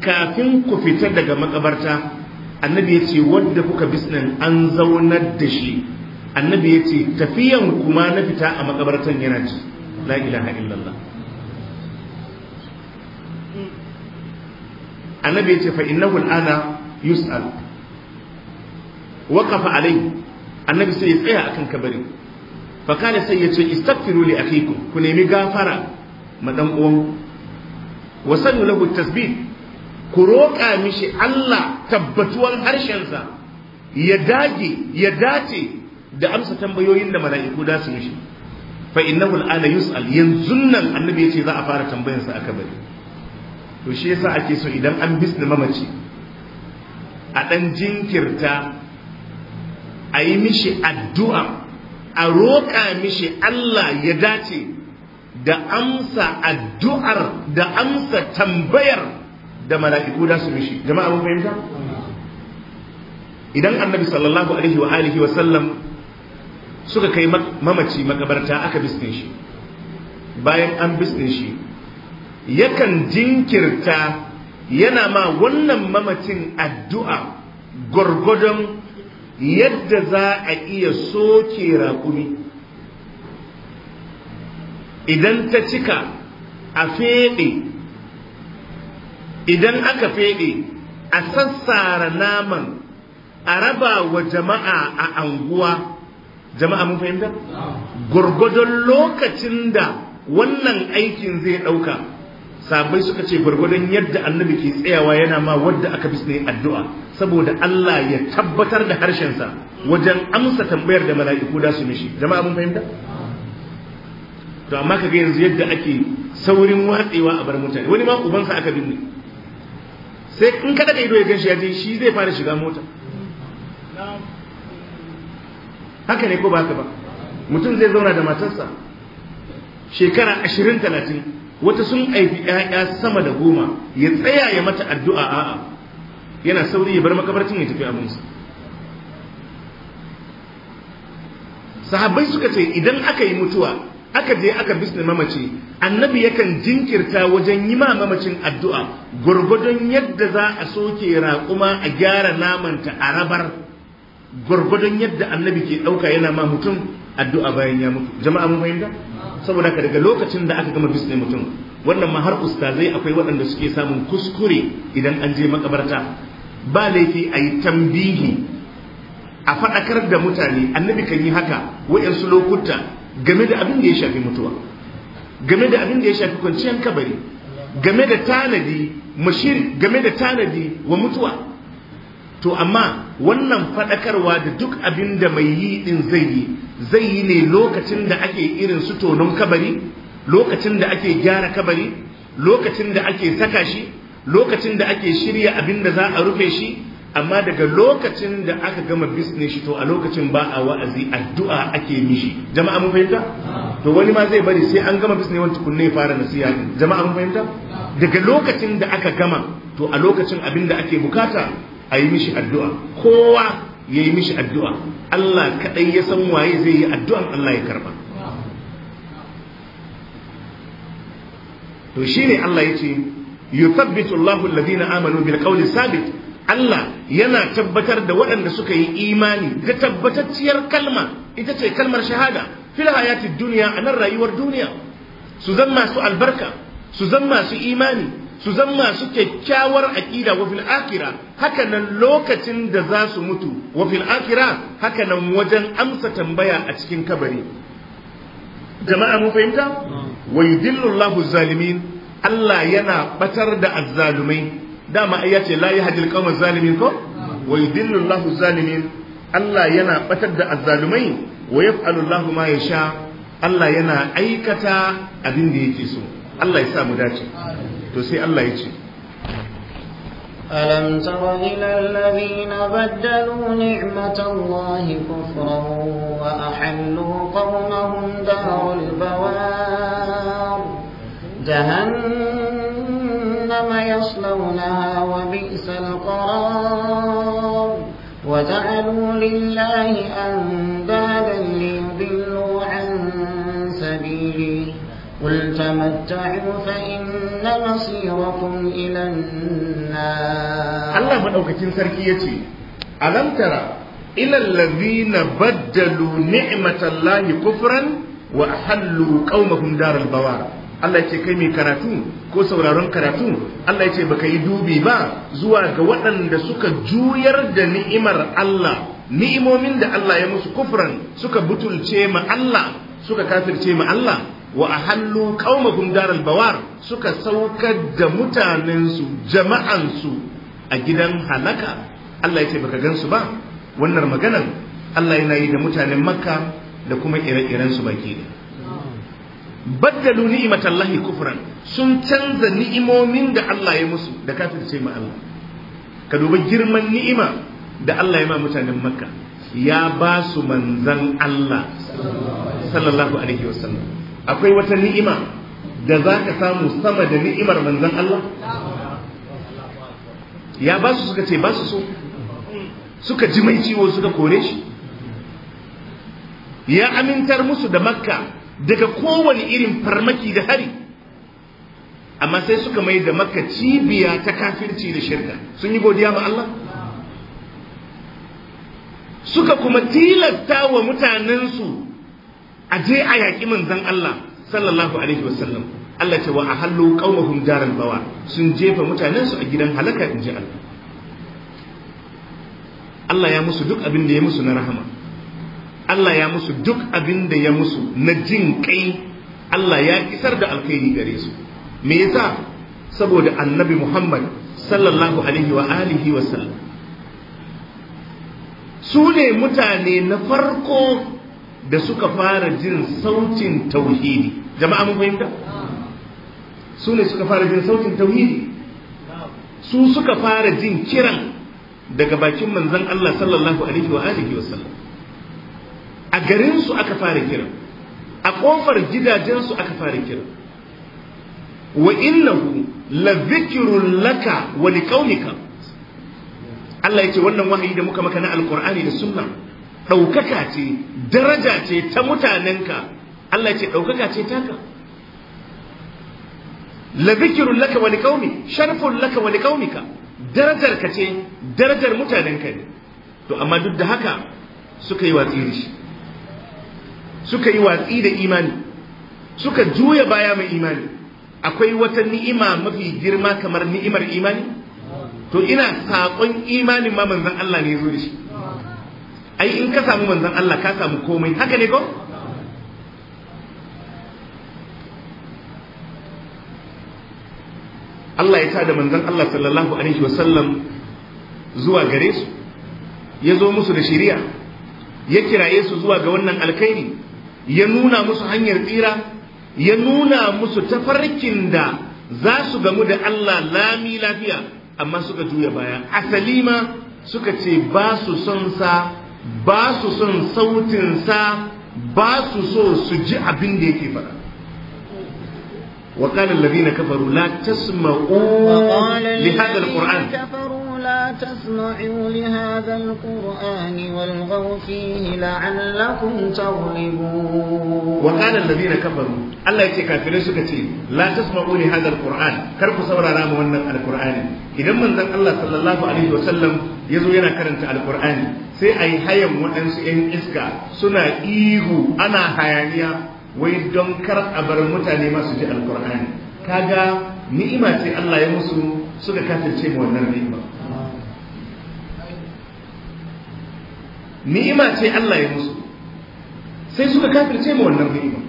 kafin ku fita daga makabarta annabi ya ce wadda kuka bisnan an zaunar da shi annabi ya ce tafiyan kuma na fita a makabartan yana ci la ilaha illallah annabi ya ce fa innahu al'ana yus'al waqafa alai annabi sai ya tsaya akan kabarin fa sai ya ce istaghfiru li akhikum ku nemi gafara ma wasannu lahu tasbih ku roƙa mishi Allah tabbatuwan harshensa ya dage ya dace da amsa tambayoyin da mala'iku da su mishi fa innahu al'ana yus'al yanzu nan annabi yace za a fara tambayar sa aka bari to shi yasa ake so idan an bisne mamaci a dan jinkirta a yi mishi addu'a a roƙa mishi Allah ya dace da amsa addu'ar da amsa tambayar da mala'iku da su mishi jama'a mun fahimta idan annabi sallallahu alaihi wa alihi wa sallam suka kai mamaci makabarta aka bisne shi bayan an bisne shi yakan jinkirta yana ma wannan mamacin addu'a gwargwadon yadda za a iya soke raƙumi idan ta cika a feɗe idan aka fede a sassara naman a raba wa jama'a a anguwa jama'a mun fahimta gurgudun lokacin da wannan aikin zai dauka sabai suka ce gurgudun yadda annabi ke tsayawa yana ma wadda aka fi ne addu'a saboda Allah ya tabbatar da harshensa wajen amsa tambayar da mala'iku da su mishi jama'a mun fahimta to amma kaga yanzu yadda ake saurin watsewa a bar mutane wani ma ubansa aka binne sai in kada da ido ya gan shi ya je shi zai fara shiga mota haka ne ko ba haka ba mutum zai zauna da matarsa shekara ashirin talatin wata sun aifi ‘ya'ya sama da goma ya tsaya ya mata addu'a a'a yana sauri ya bar makabarcin ya tafi abinsa sahabbai suka ce idan aka yi mutuwa aka je aka bisne mamaci annabi yakan jinkirta wajen yi ma mamacin addu'a gwargwadon yadda za a soke raƙuma a gyara namanta a rabar gwargwadon yadda annabi ke ɗauka yana ma mutum addu'a bayan ya mutu jama'a mun fahimta saboda ka daga lokacin da aka gama bisne mutum wannan ma har ustazai akwai waɗanda suke samun kuskure idan an je makabarta ba laifi a yi tambihi a faɗakar da mutane annabi kan yi haka waɗansu lokuta game da abin da ya shafi mutuwa game da abin da ya shafi kwanciyar kabari game da tanadi mashir game da tanadi wa mutuwa to amma wannan fadakarwa da duk abin da mai yi ɗin zai yi zai yi ne lokacin da ake irin su tonon kabari lokacin da ake gyara kabari lokacin da ake saka shi lokacin da ake shirya abin da za a rufe shi amma daga lokacin da aka gama business shi to a lokacin ba a wa'azi addu'a ake mishi jama'a mun fahimta to wani ma zai bari sai an gama business wani tukunne fara nasiha jama'a mun fahimta daga lokacin da aka gama to a lokacin abin da ake bukata a yi mishi addu'a kowa ya yi mishi addu'a Allah kaɗai ya san waye zai yi addu'an Allah ya karba to shine Allah ya ce yuthabbitu Allahu alladhina amanu bil qawli sabit Allah yana tabbatar da waɗanda suka yi imani da tabbatacciyar kalma ita ce kalmar shahada fil hayatid duniya a nan rayuwar duniya su zan masu albarka su zan masu imani su zan masu kyakkyawar aƙida wa fil akira hakanan lokacin da za su mutu wa fil akira wajen amsa tambaya a cikin kabari jama'a mun fahimta wa yudillu Allahu zalimin Allah yana batar da azzalumai dama ai yace la yahdil qawma zalimin ko wa yudillu Allahu zalimin Allah yana batar da azzalumai wa yaf'alu Allahu ma yasha Allah yana aikata abin da yake so Allah ya sa mu dace to sai Allah ya ce ألم تر إلى الذين بدلوا نعمة الله كفرا وأحلوا قومهم دار البوار جهنم جهنم يصلونها وبئس القرار وجعلوا لله أندادا ليضلوا عن سبيله قل تمتعوا فإن مصيركم إلى النار الله من أوكتين سركيتي ألم ترى إلى الذين بدلوا نعمة الله كفرا وأحلوا قومهم دار البوار Allah ce kai mai karatu ko sauraron karatu Allah ce baka yi dubi ba zuwa ga waɗanda suka juyar da ni'imar Allah ni'imomin da Allah ya musu kufran suka butulce ma Allah suka kafirce ma Allah wa ahallu qaumahum daral bawar suka saukar da mutanensu su a gidan halaka Allah ya ce baka gansu ba wannan maganar Allah yana yi da mutanen Makka da kuma ire-irensu baki ɗaya baddalu ni'matallahi kufran sun canza ni'imomin da Allah ya musu da ce ma Allah ka duba girman ni'ima da Allah ya ma mutanen makka ya ba su manzan Allah sallallahu alaihi wasallam akwai wata ni'ima da za ka samu sama da ni'imar manzan Allah ya ba su suka ce ba su so suka ji mai ciwo suka kore shi ya amintar musu da makka daga kowane irin farmaki da hari amma sai suka mai da maka cibiya ta kafirci da shirka sun yi godiya ma Allah suka kuma tilasta wa mutanensu a je a yaƙi manzan Allah sallallahu alaihi wasallam Allah ce wa a hallo daral bawa sun jefa mutanensu a gidan halaka in Allah Allah ya musu duk abin da ya musu na rahama Allah ya musu duk abin da ya musu na jin kai Allah ya isar da alkhairi gare su me yasa saboda annabi Muhammad sallallahu alaihi wa alihi wa sallam su ne mutane na farko da suka fara jin sautin tauhidi jama'a mun fahimta su ne suka fara jin sautin tauhidi su suka fara jin kiran daga bakin manzon Allah sallallahu alaihi wa alihi wa sallam a garinsu aka fara kiran a ƙofar gidajensu aka fara kiran wa innahu la zikrun laka wa liqaumika Allah yace wannan wahayi da muka maka na alqur'ani da sunna daukaka ce daraja ce ta mutanenka Allah yace daukaka ce taka la zikrun laka wa liqaumi sharafun laka wa liqaumika darajar ka ce darajar mutanenka ne to amma duk da haka suka yi watsi da shi suka yi watsi da imani suka juya baya mai imani akwai wata ni'ima mafi girma kamar ni'imar imani to ina saƙon imanin ma manzan Allah ne zo da shi ai in ka samu manzan Allah ka samu komai haka ne ko Allah ya tada manzan Allah sallallahu alaihi wasallam zuwa gare su ya zo musu da shari'a ya kiraye su zuwa ga wannan alkhairi ya nuna musu hanyar tsira ya nuna musu tafarkin da za su gamu da Allah lami lafiya amma suka juya baya asali ma suka ce ba su son sa ba su son sautin sa ba su so su ji abin da yake faɗa وقال الذين كفروا لا تسمعوا لهذا القرآن تسمعوا لهذا القرآن والغوا فيه لعلكم تغلبون وقال الذين كفروا الله يتي كافرين سكتي لا تسمعوا لهذا القرآن كرب صبر رام ونن القرآن إذا من ذن الله صلى الله عليه وسلم يزو ينا كرنت القرآن سي أي yi hayan waɗansu إسكا سنا إيهو أنا ana hayaniya wai don kar a bar القرآن masu ji alkur'ani kaga ni'ima ce Allah ya musu suka kafirce mu wannan ni'ima ni'ima ce Allah ya musu sai suka kafirce mu wannan ni'ima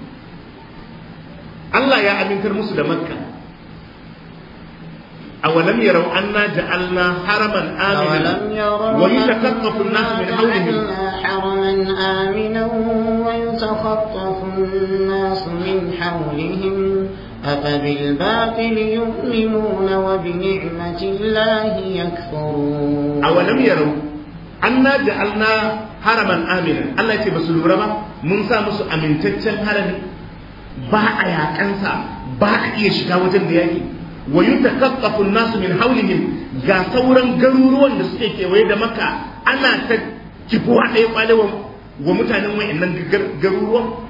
Allah ya amintar musu da makka awalam yaraw anna ja'alna haraman aminan wa yatakhaffafu an-nas min hawlihim haraman aminan an haraman amina Allah ce ba su lura ba mun sa musu amintaccen harami ba a yaƙansa ba a iya shiga wajen da yaki wa yutakaffafu nasu min hawlihim ga sauran garuruwan da suke kewaye da maka ana ta kifuwa ɗaya kwalewan wa mutanen wayannan garuruwan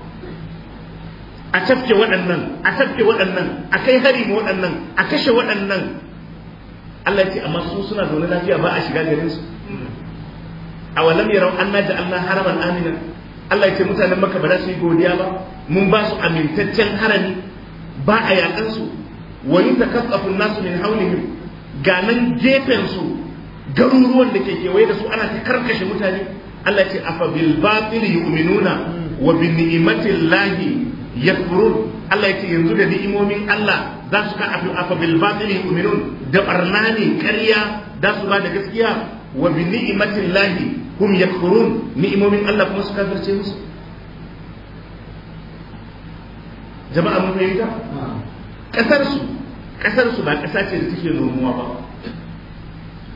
a tafke waɗannan a tafke waɗannan a kai hari ma waɗannan a kashe waɗannan Allah ya ce amma su suna zaune lafiya ba a shiga garinsu. awalam yarau anna ja'alna haraman aminan Allah ya ce mutanen Makka ba za su yi godiya ba mun ba su amintaccen harami ba a yakan su wa yutakaffafu nasu min hawlihim ga nan gefen su garuruwan da ke kewaye da su ana ta karkashe mutane Allah ya ce afa bil batil yu'minuna wa bi ni'matil yakfurun Allah ya ce yanzu da ni'imomin Allah za su ka afa bil batil yu'minun da barna ne ƙarya za su ba da gaskiya wa bi ni'matillahi hum yakfurun ni'imomin Allah kuma su kafirce musu jama'a mun fahimta kasar su kasar su ba kasa ce da take nomuwa ba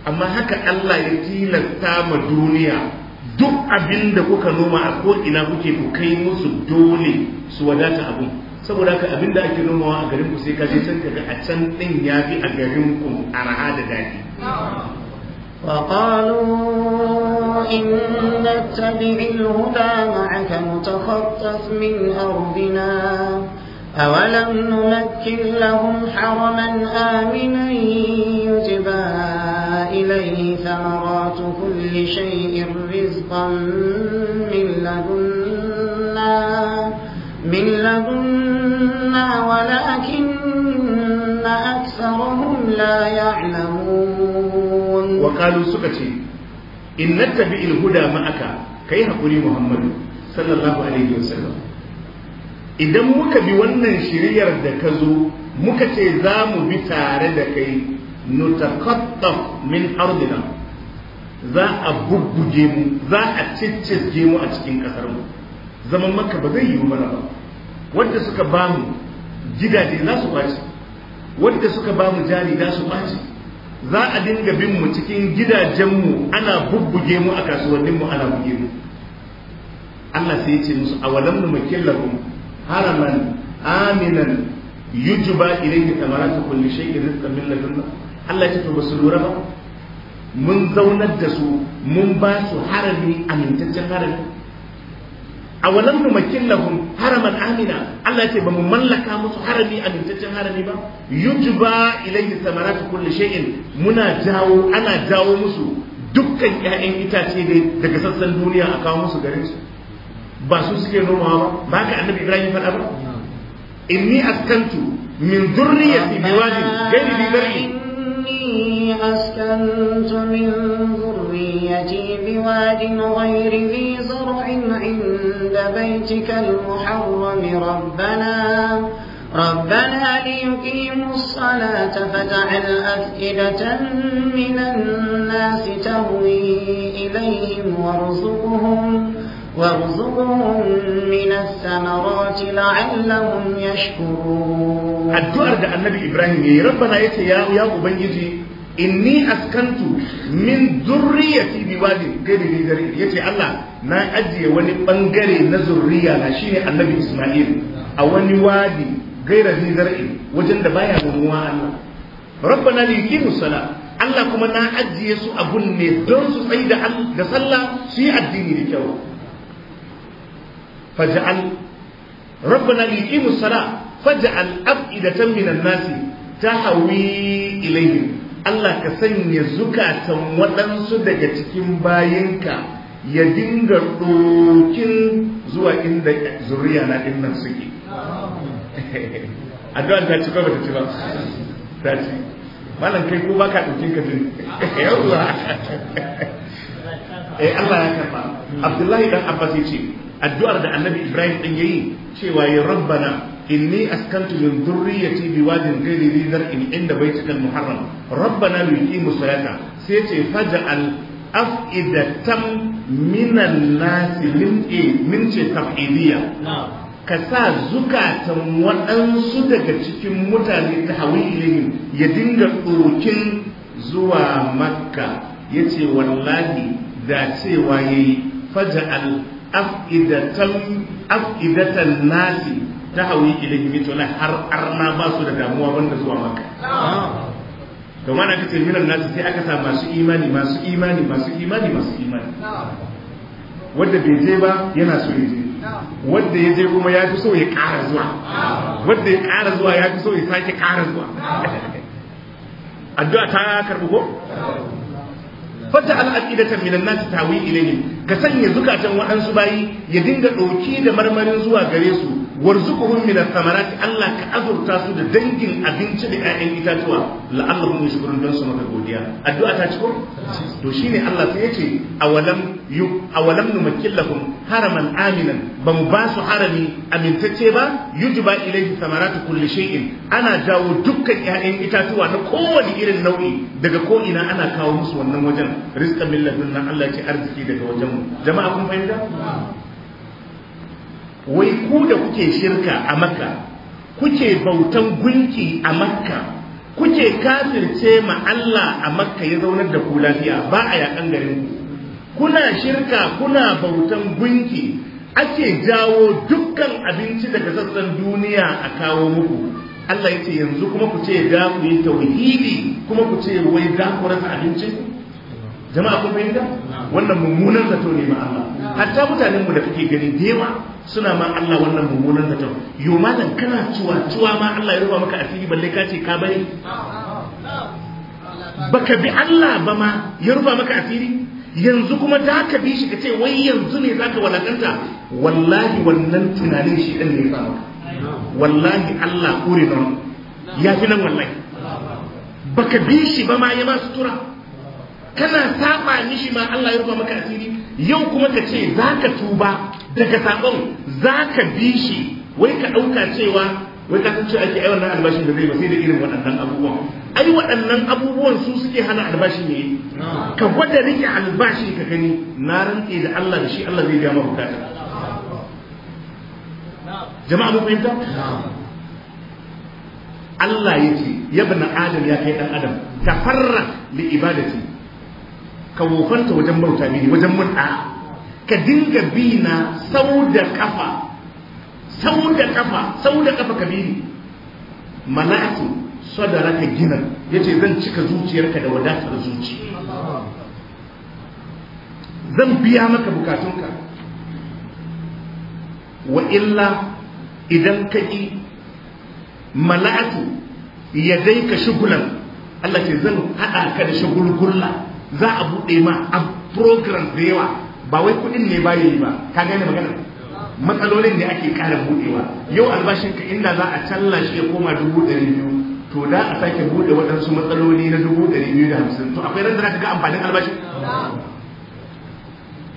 amma haka Allah ya tilasta ma duniya duk abin da kuka noma a ko ina kuke ku kai musu dole su wadata abin saboda haka abin da ake nomawa a garin ku sai ka je can ga a can din ya fi a garin ku arha da daɗi. إن نتبع الهدى معك نتخطف من أرضنا أولم نمكن لهم حرما آمنا يجبى إليه ثمرات كل شيء رزقا من لدنا من لدنا ولكن أكثرهم لا يعلمون وقالوا سكتي in nattabi'il huda ma'aka kai hakuri muhammadu sallallahu alaihi wasallam idan muka bi wannan shiriyar da ka zo muka ce za mu bi tare da kai nutaqattaf min ardina za a bubbuge mu za a ciccizge mu a cikin kasar mu zaman maka ba zai yiwu mana ba wanda suka ba mu gidaje za su ɓaci wanda suka ba mu jari za su ɓaci za a dinga bin mu cikin gidajenmu ana bubbuge mu a kasuwanninmu ana buge mu Allah sai ya ce musu awalam nu makillahum haraman aminan yujba ilayhi tamaratu kulli shay'in rizqan min ladunna Allah ya ce to basu lura ba mun zaunar da su mun ba su harami amintaccen harami A numakkin lahum haraman amina Allah ce ba mu mallaka musu harami amintaccen harami ba yujba ilayhi samaratu kulli shay'in muna jawo ana jawo musu dukkan ƴaƴan itace dai daga sassan duniya a kawo musu garin su ba su suke nomawa ba ba ka annabi Ibrahim faɗa ba inni askantu min dhurriyyati biwadin ghairi dhi إني أسكنت من ذريتي بواد غير ذي زرع عند بيتك المحرم ربنا ربنا ليقيموا الصلاة فجعل أفئدة من الناس تهوي إليهم وارزقهم وارزقهم addu'ar da annabi ibrahim yi rabbana yace ya ya ubangiji inni askantu min zurriyati bi wadi gari gari yace Allah na ajiye wani bangare na zurriya na shine annabi isma'il a wani wadi gaira zai zar'i wajen da baya gumuwa Allah rabbana liqimu musala, Allah kuma na ajiye su abun ne don su tsayi da sallah su yi addini da kyau faj'al rabbana yuqimu sala faj'al af'idatan minan nasi tahawi ilayhim Allah ka sanya zukatan waɗansu daga cikin bayinka ya dinga ɗokin zuwa inda zuriya na ɗin nan suke addu'an ta ci ko bata ci ba ta ci malam kai ko baka ɗokin ka jin yawwa eh Allah ya kafa. Abdullahi dan Abbas ya ce addu'ar da annabi ibrahim din yayi cewa ya rabbana inni askantu min dhurriyyati biwadin ghairi dhi zar'in inda baitikal muharram rabbana yuqimu salata sai ce faj'al af'idatan minan nasi min eh, min ce taf'idiyya ka sa zukatan waɗansu daga cikin mutane ta hawi ilimin ya dinga tsorokin zuwa makka ya ce wallahi da cewa ya yi faja'al af'idatan nasi ta hawi ilayhi mito na har arna ba su da damuwa banda zuwa maka Da mana kace nan nasi sai aka sa masu imani masu imani masu imani masu imani wanda bai je ba yana so ya je wanda ya je kuma ya fi so ya ƙara zuwa wanda ya ƙara zuwa ya fi so ya sake ƙara zuwa addu'a ta karɓi ko fata al'aqidatan minan nas tawi ilayhim ka sanya zukatan waɗansu bayi ya dinga ɗauki da marmarin zuwa gare su warzuquhum min samarati Allah ka azurta su da dangin abinci da ƴaƴan itatuwa la'allahum yashkurun dan su maka godiya addu'a ta ciko to shine Allah sai yace awalam yu awalam numakkil lahum haraman aminan ba mu ba su harami amintacce ba yujba ilayhi thamaratu kulli shay'in ana jawo dukkan ƴaƴan itatuwa na kowane irin nau'i daga ko ina ana kawo musu wannan wajen rizqan min ladunna Allah ya ce arziki daga wajen mu jama'a kun fahimta wai ku da kuke shirka a makka kuke bautan gunki a makka kuke kafirce ma Allah a makka ya zaunar da ku lafiya ba a yakan garin ku kuna shirka kuna bautan gunki ake jawo dukkan abinci daga sassan duniya a kawo muku Allah ya ce yanzu kuma ku ce da ku yi tauhidi kuma ku ce wai za ku rasa abinci jama'a kun fahimta wannan mummunan zato ne ma Allah hatta mutanen mu da kake gani da yawa suna ma Allah wannan mummunan zaton yo malam kana tuwa tuwa ma Allah ya rufa maka asiri balle ka ce ka bari baka bi Allah ba ma ya rufa maka asiri yanzu kuma da ka bi shi ka ce wai yanzu ne zaka walakanta wallahi wannan tunanin shi din ne ya wallahi Allah nan, ya fi nan wallahi baka bi shi ba ma ya ma tura. kana saba mishi ma Allah ya rufa maka asiri yau kuma ka ce za ka tuba daga sabon za ka bi shi wai ka ɗauka cewa wai ka san cewa ake ai wannan albashin da zai ba sai da irin waɗannan abubuwan ai waɗannan abubuwan su suke hana albashi ne ka gwada rike albashi ka gani na rantse da Allah da shi Allah zai gama maka bukata jama'a mun fahimta Allah ya ce ya bani adam ya kai dan adam tafarra li ibadati ka wofanta wajen bauta mini wajen mun ka dinga bi na sau da kafa sau da kafa sau da kafa ka bini malatu sadara ka gina yace zan cika zuciyarka da wadatar zuci zan biya maka bukatunka wa illa idan ka yi malatu ka shugulan Allah ce zan haɗa ka da shugulgulla za a buɗe ma a program da yawa ba wai kuɗin ne ba yi ba ka gane magana matsalolin da ake ƙara buɗewa yau albashin ka inda za a talla shi ya koma dubu ɗari biyu to da a sake buɗe waɗansu matsaloli na dubu ɗari biyu da hamsin to akwai ran da za ka ga amfanin albashin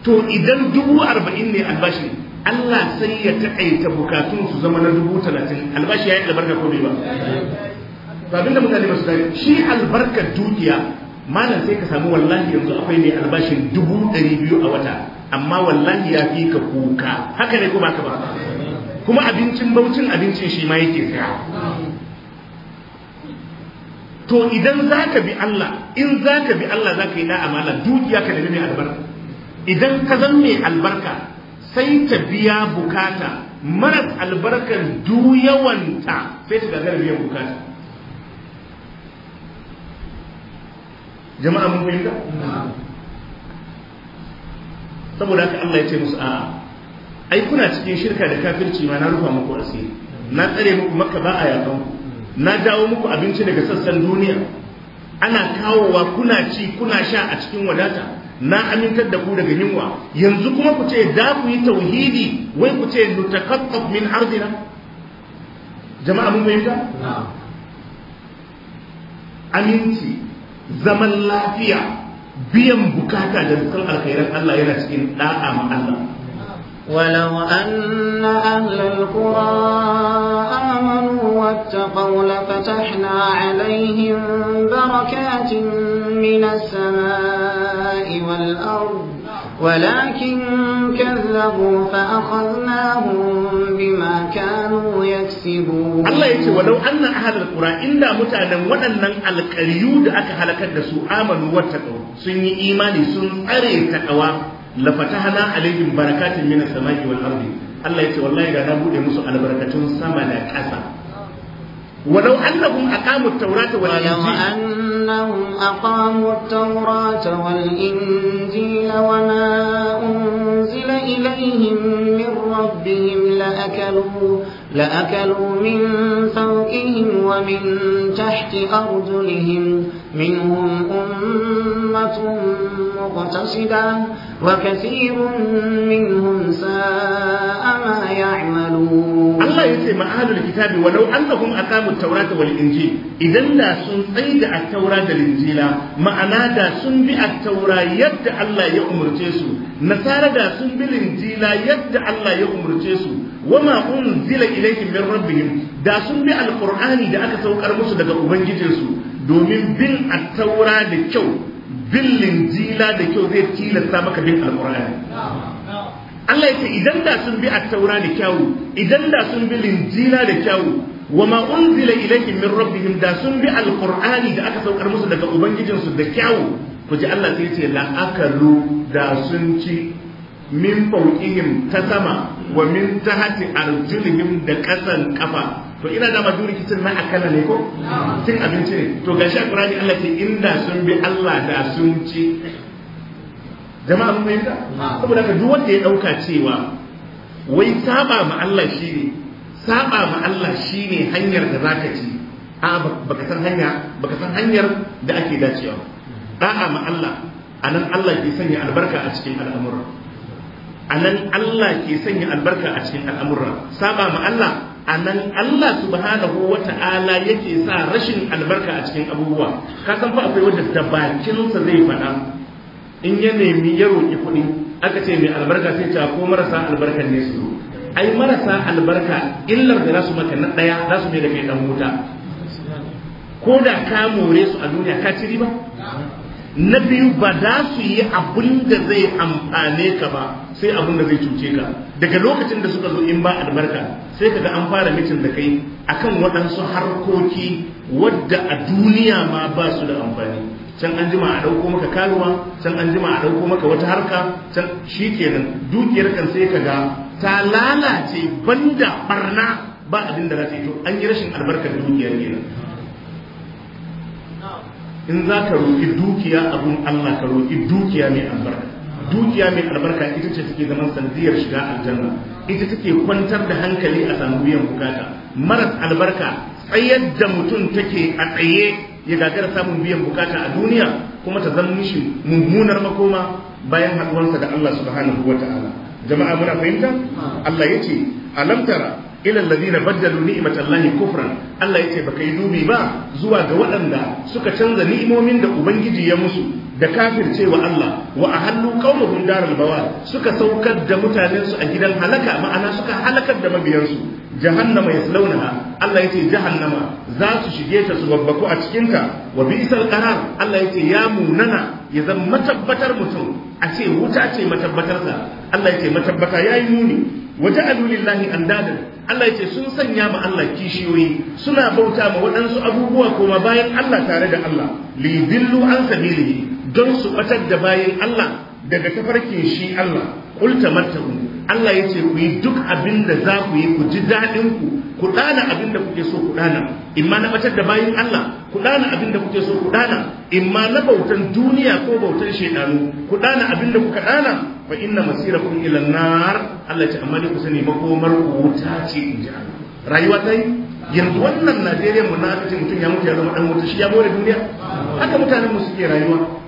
to idan dubu arba'in ne albashin Allah sai ya taƙaita bukatun su zama na dubu talatin albashi ya yi albarka ko bai ba to abinda mutane ba su shi albarkar dukiya malam sai ka samu wallahi yanzu akwai mai albashin dubu ɗari biyu a wata amma wallahi ya fi ka kuka haka ne kuma ka ba kuma abincin baucin abincin shi ma yake saya to idan za ka bi Allah in za ka bi Allah za ka yi da'a malam dukiya ka nemi mai albarka idan ka zan mai albarka sai ta biya bukata maras albarkar du yawanta sai ta gagara biyan bukata jama'a mun fahimta saboda haka Allah ya ce musu a ai kuna cikin shirka da kafirci ma na rufa muku asiri na tsare muku makka ba a yakan na dawo muku abinci daga sassan duniya ana kawowa kuna ci kuna sha a cikin wadata na amintar da ku daga yunwa yanzu kuma ku ce da ku yi tauhidi wai ku ce nutakaffaf min ardina jama'a mun fahimta aminci zaman lafiya biyan bukata da dukkan alkhairan Allah yana cikin da'a ma Allah ولو أن أهل القرى آمنوا واتقوا لفتحنا عليهم بركات من السماء والأرض ولكن كذبوا فأخذناهم بما كانوا يكسبون الله يتي ولو أن أهل القرى إلا متعنا ولن القريود أكهلك الدسو آمنوا واتقوا سني إيماني سن أري تقوى لفتحنا عليهم بركات من السماء والأرض الله يتي والله إذا نبوء مسؤال بركة سما لا كسر ولو أنهم أقاموا التوراة والإنجيل أنهم أقاموا التوراة والإنجيل وما أنزل إليهم من ربهم لأكلوا لأكلوا من فوقهم ومن تحت أرجلهم منهم أمة مقتصدة وكثير منهم ساء ما يعملون الله يسمى أهل الكتاب ولو أنهم أقاموا التوراة والإنجيل إذا لا سنقيد التوراة والإنجيل معنى دا سنبي التوراة يد الله يأمر جيسو نصارى دا سنبي الإنجيل يد الله يأمر جيسو وما أنزل إليهم من ربهم دا سنبي القرآن دا أكثر كرمسو دا أبنجي جيسو دومين بين التوراة دا كو billin jila da kyau zai tilasta maka bin alƙur'ani. Allah ya ce idan da sun bi at-taura da kyau idan da sun bi linjila da kyau ma unzila ilayhim min rabbihim da sun bi alqur'ani da aka saukar musu daga ubangijinsu da kyau ku ji Allah sai ce la akalu da sun ci min fauqihim ta sama wa min tahti arjulihim da kasan kafa to ina da madu kitin na akala ne ko cin abinci ne to gashi a Allah ce inda sun bi Allah da sun ci jama'a mun fahimta saboda haka duk wanda ya dauka cewa wai saba ma Allah shine saba ma Allah shine hanyar da zaka ci a baka san hanya baka san hanyar da ake dacewa da'a ma Allah anan Allah ke sanya albarka a cikin al'amuran a nan Allah ke sanya albarka a cikin al'amurra saba ma Allah a nan Allah subhanahu wa ta'ala yake sa rashin albarka a cikin abubuwa ka san fa akwai wanda da bakinsa zai faɗa in ya nemi ya roƙi kuɗi aka ce mai albarka sai ta ko marasa albarka ne su ai marasa albarka illar da nasu maka na ɗaya za su mai da kai ɗan wuta ko da ka more su a duniya ka ci riba na biyu ba za su yi abin da zai amfane ka ba sai abin da zai cuce ka daga lokacin da suka zo in ba albarka sai kaga an fara mitin da kai akan waɗansu harkoki wadda a duniya ma ba su da amfani can an jima a ɗauko maka karuwa can an jima a ɗauko maka wata harka can shi kenan dukiyar kan sai ka ga ta lalace banda barna ba abin da za ta yi to an yi rashin albarkar dukiyar kenan in za ka roƙi dukiya abun Allah ka roƙi dukiya mai albarka dukiya mai albarka ita ce take zaman sanadiyar shiga aljanna ita take kwantar da hankali a samu biyan bukata maras albarka tsayar da mutum take a tsaye ya gagara samun biyan bukata a duniya kuma ta zama mishi mummunar makoma bayan haɗuwarsa da Allah subhanahu wa ta'ala jama'a muna fahimta Allah ya ce alam tara ila alladhina baddalu ni'matallahi kufran Allah yace baka yi dubi ba zuwa ga waɗanda suka canza ni'imomin da ubangiji ya musu da kafircewa Allah wa ahallu qaumahum daral bawa suka saukar da mutanen su a gidan halaka ma'ana suka halakar da mabiyansu jahannama yaslaunaha Allah yace jahannama za su shige ta su babbaku a cikin ta wa bi'sal qarar Allah yace ya munana ya zama matabbatar mutum a ce wuta ce matabbatarsa Allah yace matabbata yayi muni waje alulillahi andadan Allah yace sun sanya ma Allah kishiyoyi suna bauta ma waɗansu abubuwa kuma bayan Allah tare da Allah li dillu an sabilihi don su batar da bayan Allah daga tafarkin shi Allah ulta martabu Allah ya ce ku yi duk abin da za ku yi ku ji daɗin ku ku ɗana abin da kuke so ku ɗana in ma na ɓatar da bayin Allah ku ɗana abin da kuke so ku ɗana in na bautan duniya ko bautan shaidanu ku ɗana abin da kuka ɗana fa inna masirakum ila nar Allah ya ce amma ku sani makomar wuta ce in ji Allah rayuwa ta yi yanzu wannan Najeriya mu na mutum ya mutu ya zama ɗan wuta shi ya more duniya haka mutanen mu suke rayuwa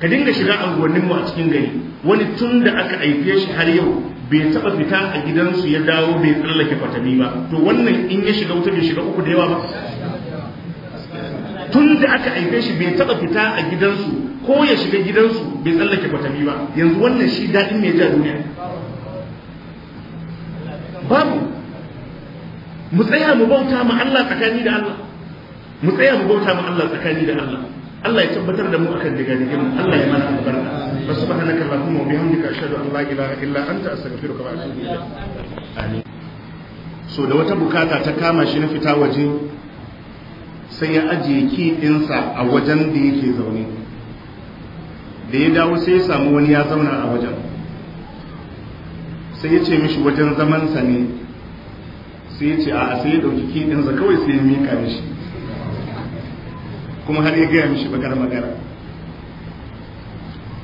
ka dinga shiga mu a cikin gari wani tun da aka haife shi har yau bai taba fita a gidansu ya dawo bai tsallake fatami ba to wannan in ya shiga wuta bai shiga uku da yawa ba tun da aka haife shi bai taba fita a gidansu ko ya shiga gidansu bai tsallake fatami ba yanzu wannan shi daɗin mai ja duniya babu mu tsaya mu bauta ma Allah tsakani da Allah mu tsaya mu bauta mu Allah tsakani da Allah Allah ya tabbatar da mu akan diga digin Allah ya mana albarka wa subhanaka allahumma wa bihamdika ashhadu an la ilaha illa anta astaghfiruka wa atubu ilaik amin so da wata bukata ta kama shi na fita waje sai ya ajiye ki dinsa a wajen da yake zaune da ya dawo sai ya samu wani ya zauna a wajen sai ya ce mishi wajen zamansa ne sai ya ce a sai ya dauki ki dinsa kawai sai ya mika mishi kuma har ya gaya mishi bakar magana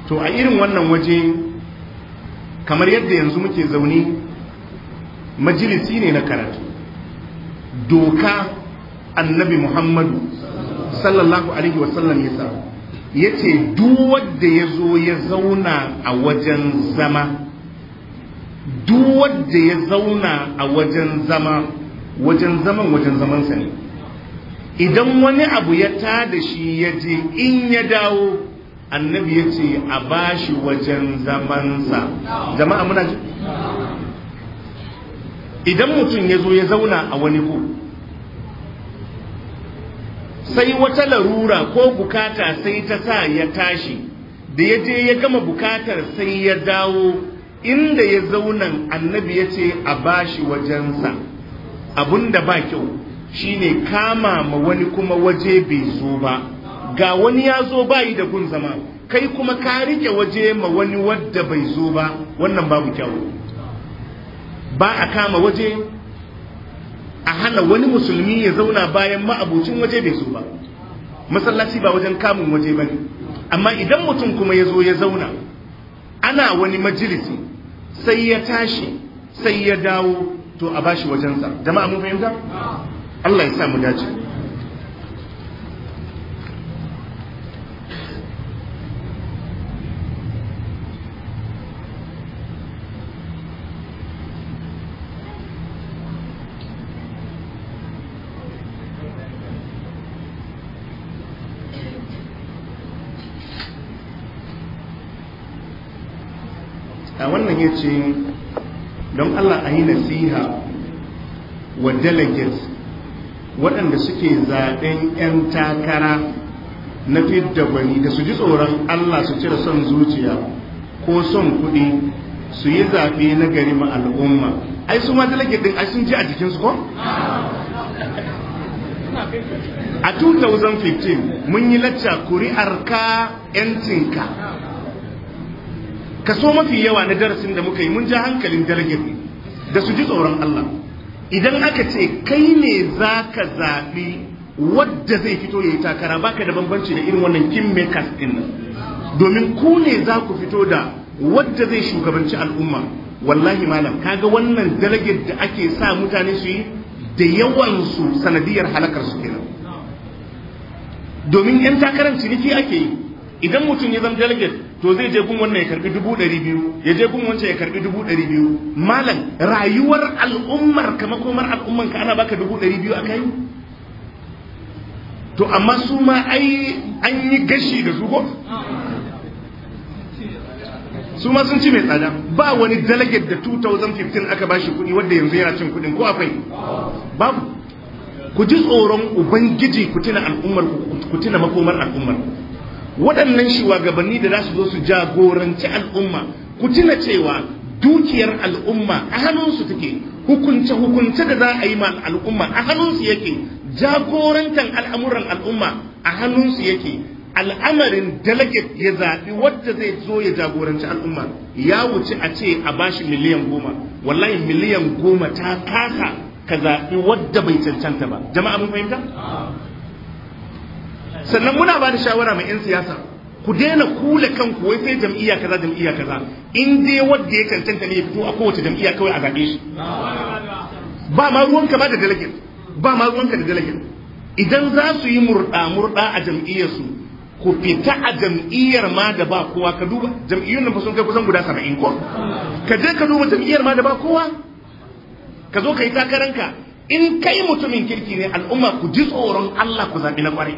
to a irin wannan waje kamar yadda yanzu muke zaune majalisi ne na karatu doka annabi muhammadu sallallahu alaihi wasallam ya sa ya ce ya zo ya zauna a wajen zama wadda ya zauna a wajen zama wajen zaman wajen zamansa ne idan wani abu ya tada shi ya je in ya dawo annabi ya ce a ba shi wajen zamansa jama'a muna ji idan mutum ya zo ya zauna a wani ku sai wata larura ko bukata sai ta sa ya tashi da ya je ya gama bukatar sai ya dawo inda ya zaunan annabi ya ce a ba bashi wajensa abinda ba kyau Shi ne kama ma wani kuma waje bai zo ba ga wani ya zo bayi da gun zama kai kuma ka rike waje ma wani wadda bai zo ba wannan babu kyau ba a kama waje a hana wani musulmi ya zauna bayan ma'abucin waje bai zo ba masallaci ba wajen kamun waje ba ne amma idan mutum kuma ya zo ya zauna ana wani majalisi sai ya tashi sai ya dawo to a bashi wajensa jama'a mun fahimta Allah ya sa mu dace a wannan ya ce don Allah a yi nasiha wa delegates waɗanda suke zaɓen 'yan takara na fidda gwani da su ji tsoron Allah su cire son zuciya ko son kuɗi su yi zaɓe na gari ma al'umma ai su ma talake ɗin ai sun ji a jikinsu ko? a 2015 mun yi lacca kuri'ar ka 'yancinka kaso mafi yawa na darasin da muka yi mun ja hankalin dalagin da su ji tsoron Allah idan aka ce kai ne za ka zaɓi wadda zai fito ya yi takara baka da bambanci da irin wannan kingmakers ɗin nan domin ku ne za ku fito da wadda zai shugabanci al'umma wallahi malam kaga wannan delegate da ake sa mutane su yi da yawansu sanadiyar halakar su kenan domin 'yan takarar ciniki ake yi idan mutum ya zama delegate to zai je gun wannan ya karbi dubu ɗari biyu ya je gun wancan ya karbi dubu ɗari biyu malam rayuwar al'ummar ka makomar al'umman ka ana baka dubu ɗari biyu a kai to amma su ma ai an yi gashi da su ko su ma sun ci mai tsada ba wani delegate da 2015 aka bashi kuɗi wanda yanzu yana cin kuɗin ko akwai babu ku ji tsoron ubangiji ku tuna al'ummar ku tuna makomar al'ummar waɗannan shugabanni da za su zo su jagoranci al'umma ku tuna cewa dukiyar al'umma a hannunsu take hukunce hukunce da za a yi ma al'umma a hannunsu yake Jagorantan al'amuran al'umma a hannunsu yake al'amarin delegate ya zaɓi wadda zai zo ya jagoranci al'umma ya wuce a ce a bashi miliyan goma wallahi miliyan goma ta kasa ka zaɓi wadda bai cancanta ba jama'a mun fahimta sannan muna ba da shawara mai 'yan siyasa ku daina kula kanku wai sai jam'iyya kaza jam'iyya kaza in dai wanda ya cancanta ne ya fito a kowace jam'iyya kawai a zaɓe shi ba ma ruwanka ba da delegate ba ma ruwanka da delegate idan za su yi murɗa murɗa a jam'iyyarsu ku fita a jam'iyyar ma da ba kowa ka duba jam'iyyun nan fa sun kai kusan guda 70 ko ka je ka duba jam'iyyar ma da ba kowa ka zo ka yi takaranka in kai mutumin kirki ne al'umma ku ji tsoron Allah ku zaɓi na ƙwarai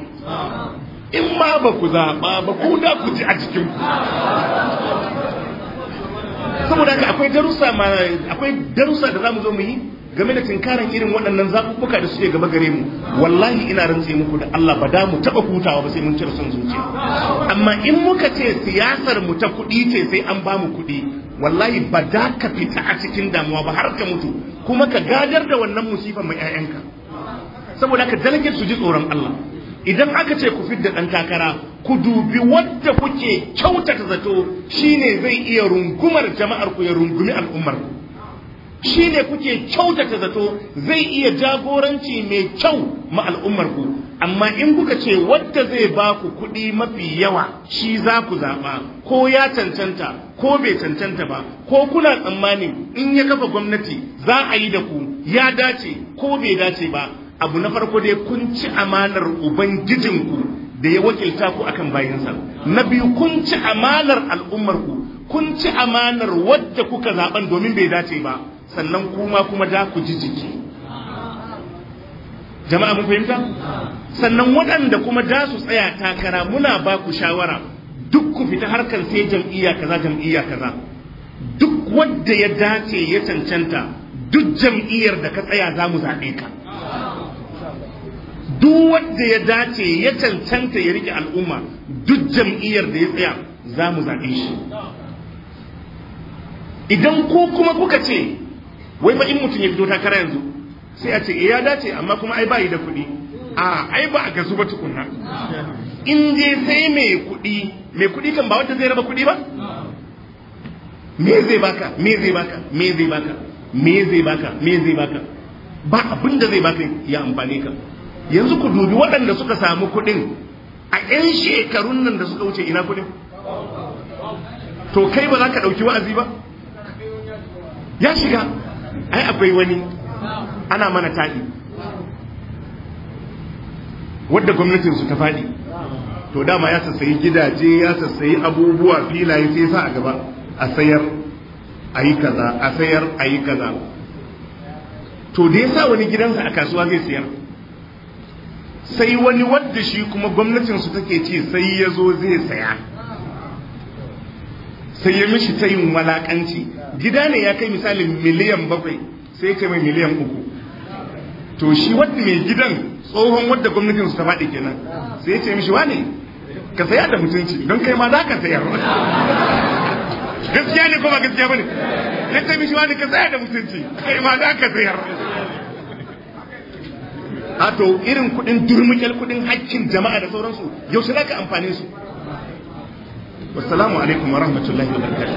in ma ba ku zaɓa ba ku da ku ji a cikin ku saboda ka akwai darussa ma akwai darussa da zamu zo mu yi game da tinkarin irin waɗannan zaɓuɓɓuka da suke gaba gare mu wallahi ina rantse muku da Allah ba da mu taɓa hutawa ba sai mun cire son zuciya amma in muka ce siyasar mu ta kuɗi ce sai an ba mu kuɗi wallahi ba za ka fita a cikin damuwa ba har ka mutu kuma ka gadar da wannan musifan mai 'ya'yanka saboda ka dalge su ji tsoron Allah idan aka ce ku fidda ɗan takara ku dubi wanda kuke kyautata zato shine zai iya rungumar jama'ar ku ya rungumi al'ummar Shi ne kuke kyautata zato zai iya jagoranci mai kyau ma al'ummarku? amma in kuka ce wadda zai ba ku kuɗi mafi yawa shi za ku zaɓa ko ya cancanta ko bai cancanta ba ko kuna tsammanin in ya kafa gwamnati za a yi da ku ya dace ko bai dace ba abu na farko dai kun ci amanar ubangijinku da ya wakilta ku akan bayinsa na biyu kun ci amanar al'ummarku kun ci amanar wadda kuka zaben domin bai dace ba sannan kuma kuma da ku ji jiki jama'a mun fahimta sannan waɗanda kuma da su tsaya takara muna ba ku shawara duk ku fita harkar sai jam'iyya kaza jam'iyya kaza duk wanda ya dace ya cancanta duk jam'iyyar da ka tsaya za mu zaɓe ka duk wanda ya dace ya cancanta ya rike al'umma duk jam'iyyar da ya tsaya za mu zaɓe shi idan ku kuma kuka ce wai ba in mutum ya fito takara yanzu sai a ce eh, ya dace amma kuma ai bayi da kuɗi a ai ba a gazu ba tukunna in je sai mai kuɗi mai kuɗi kan ba wanda zai raba kuɗi ba me zai baka me zai baka me zai baka me zai baka me zai baka ba abin da zai baka ya amfane ka yanzu ku dubi waɗanda suka samu kuɗin a 'yan shekarun nan da suka wuce ina kuɗin to kai ba za ka ɗauki wa'azi ba ya shiga ai akwai wani ana mana taɗi wadda gwamnatinsu ta faɗi to dama ya sassayi gidaje ya sassayi abubuwa filaye sai sa a gaba a sayar a yi kaza a sayar a yi kaza to da ya sa wani gidansa a kasuwa zai sayar sai wani wadda shi kuma gwamnatinsu take ce sai ya zo zai saya sai ya mishi ta yin walakanci gida ne ya kai misalin miliyan bakwai sai ce mai miliyan uku to shi wadda mai gidan tsohon wadda gwamnatin su ta faɗi kenan sai ce mishi wane ka saya da mutunci don kai ma za ka sayar gaskiya ne kuma gaskiya bane ya ce mishi wane ka saya da mutunci kai ma za ka sayar a to irin kudin durmukel kudin haƙƙin jama'a da sauransu yaushe za ka amfane su wassalamu alaikum wa rahmatullahi wa barakatuh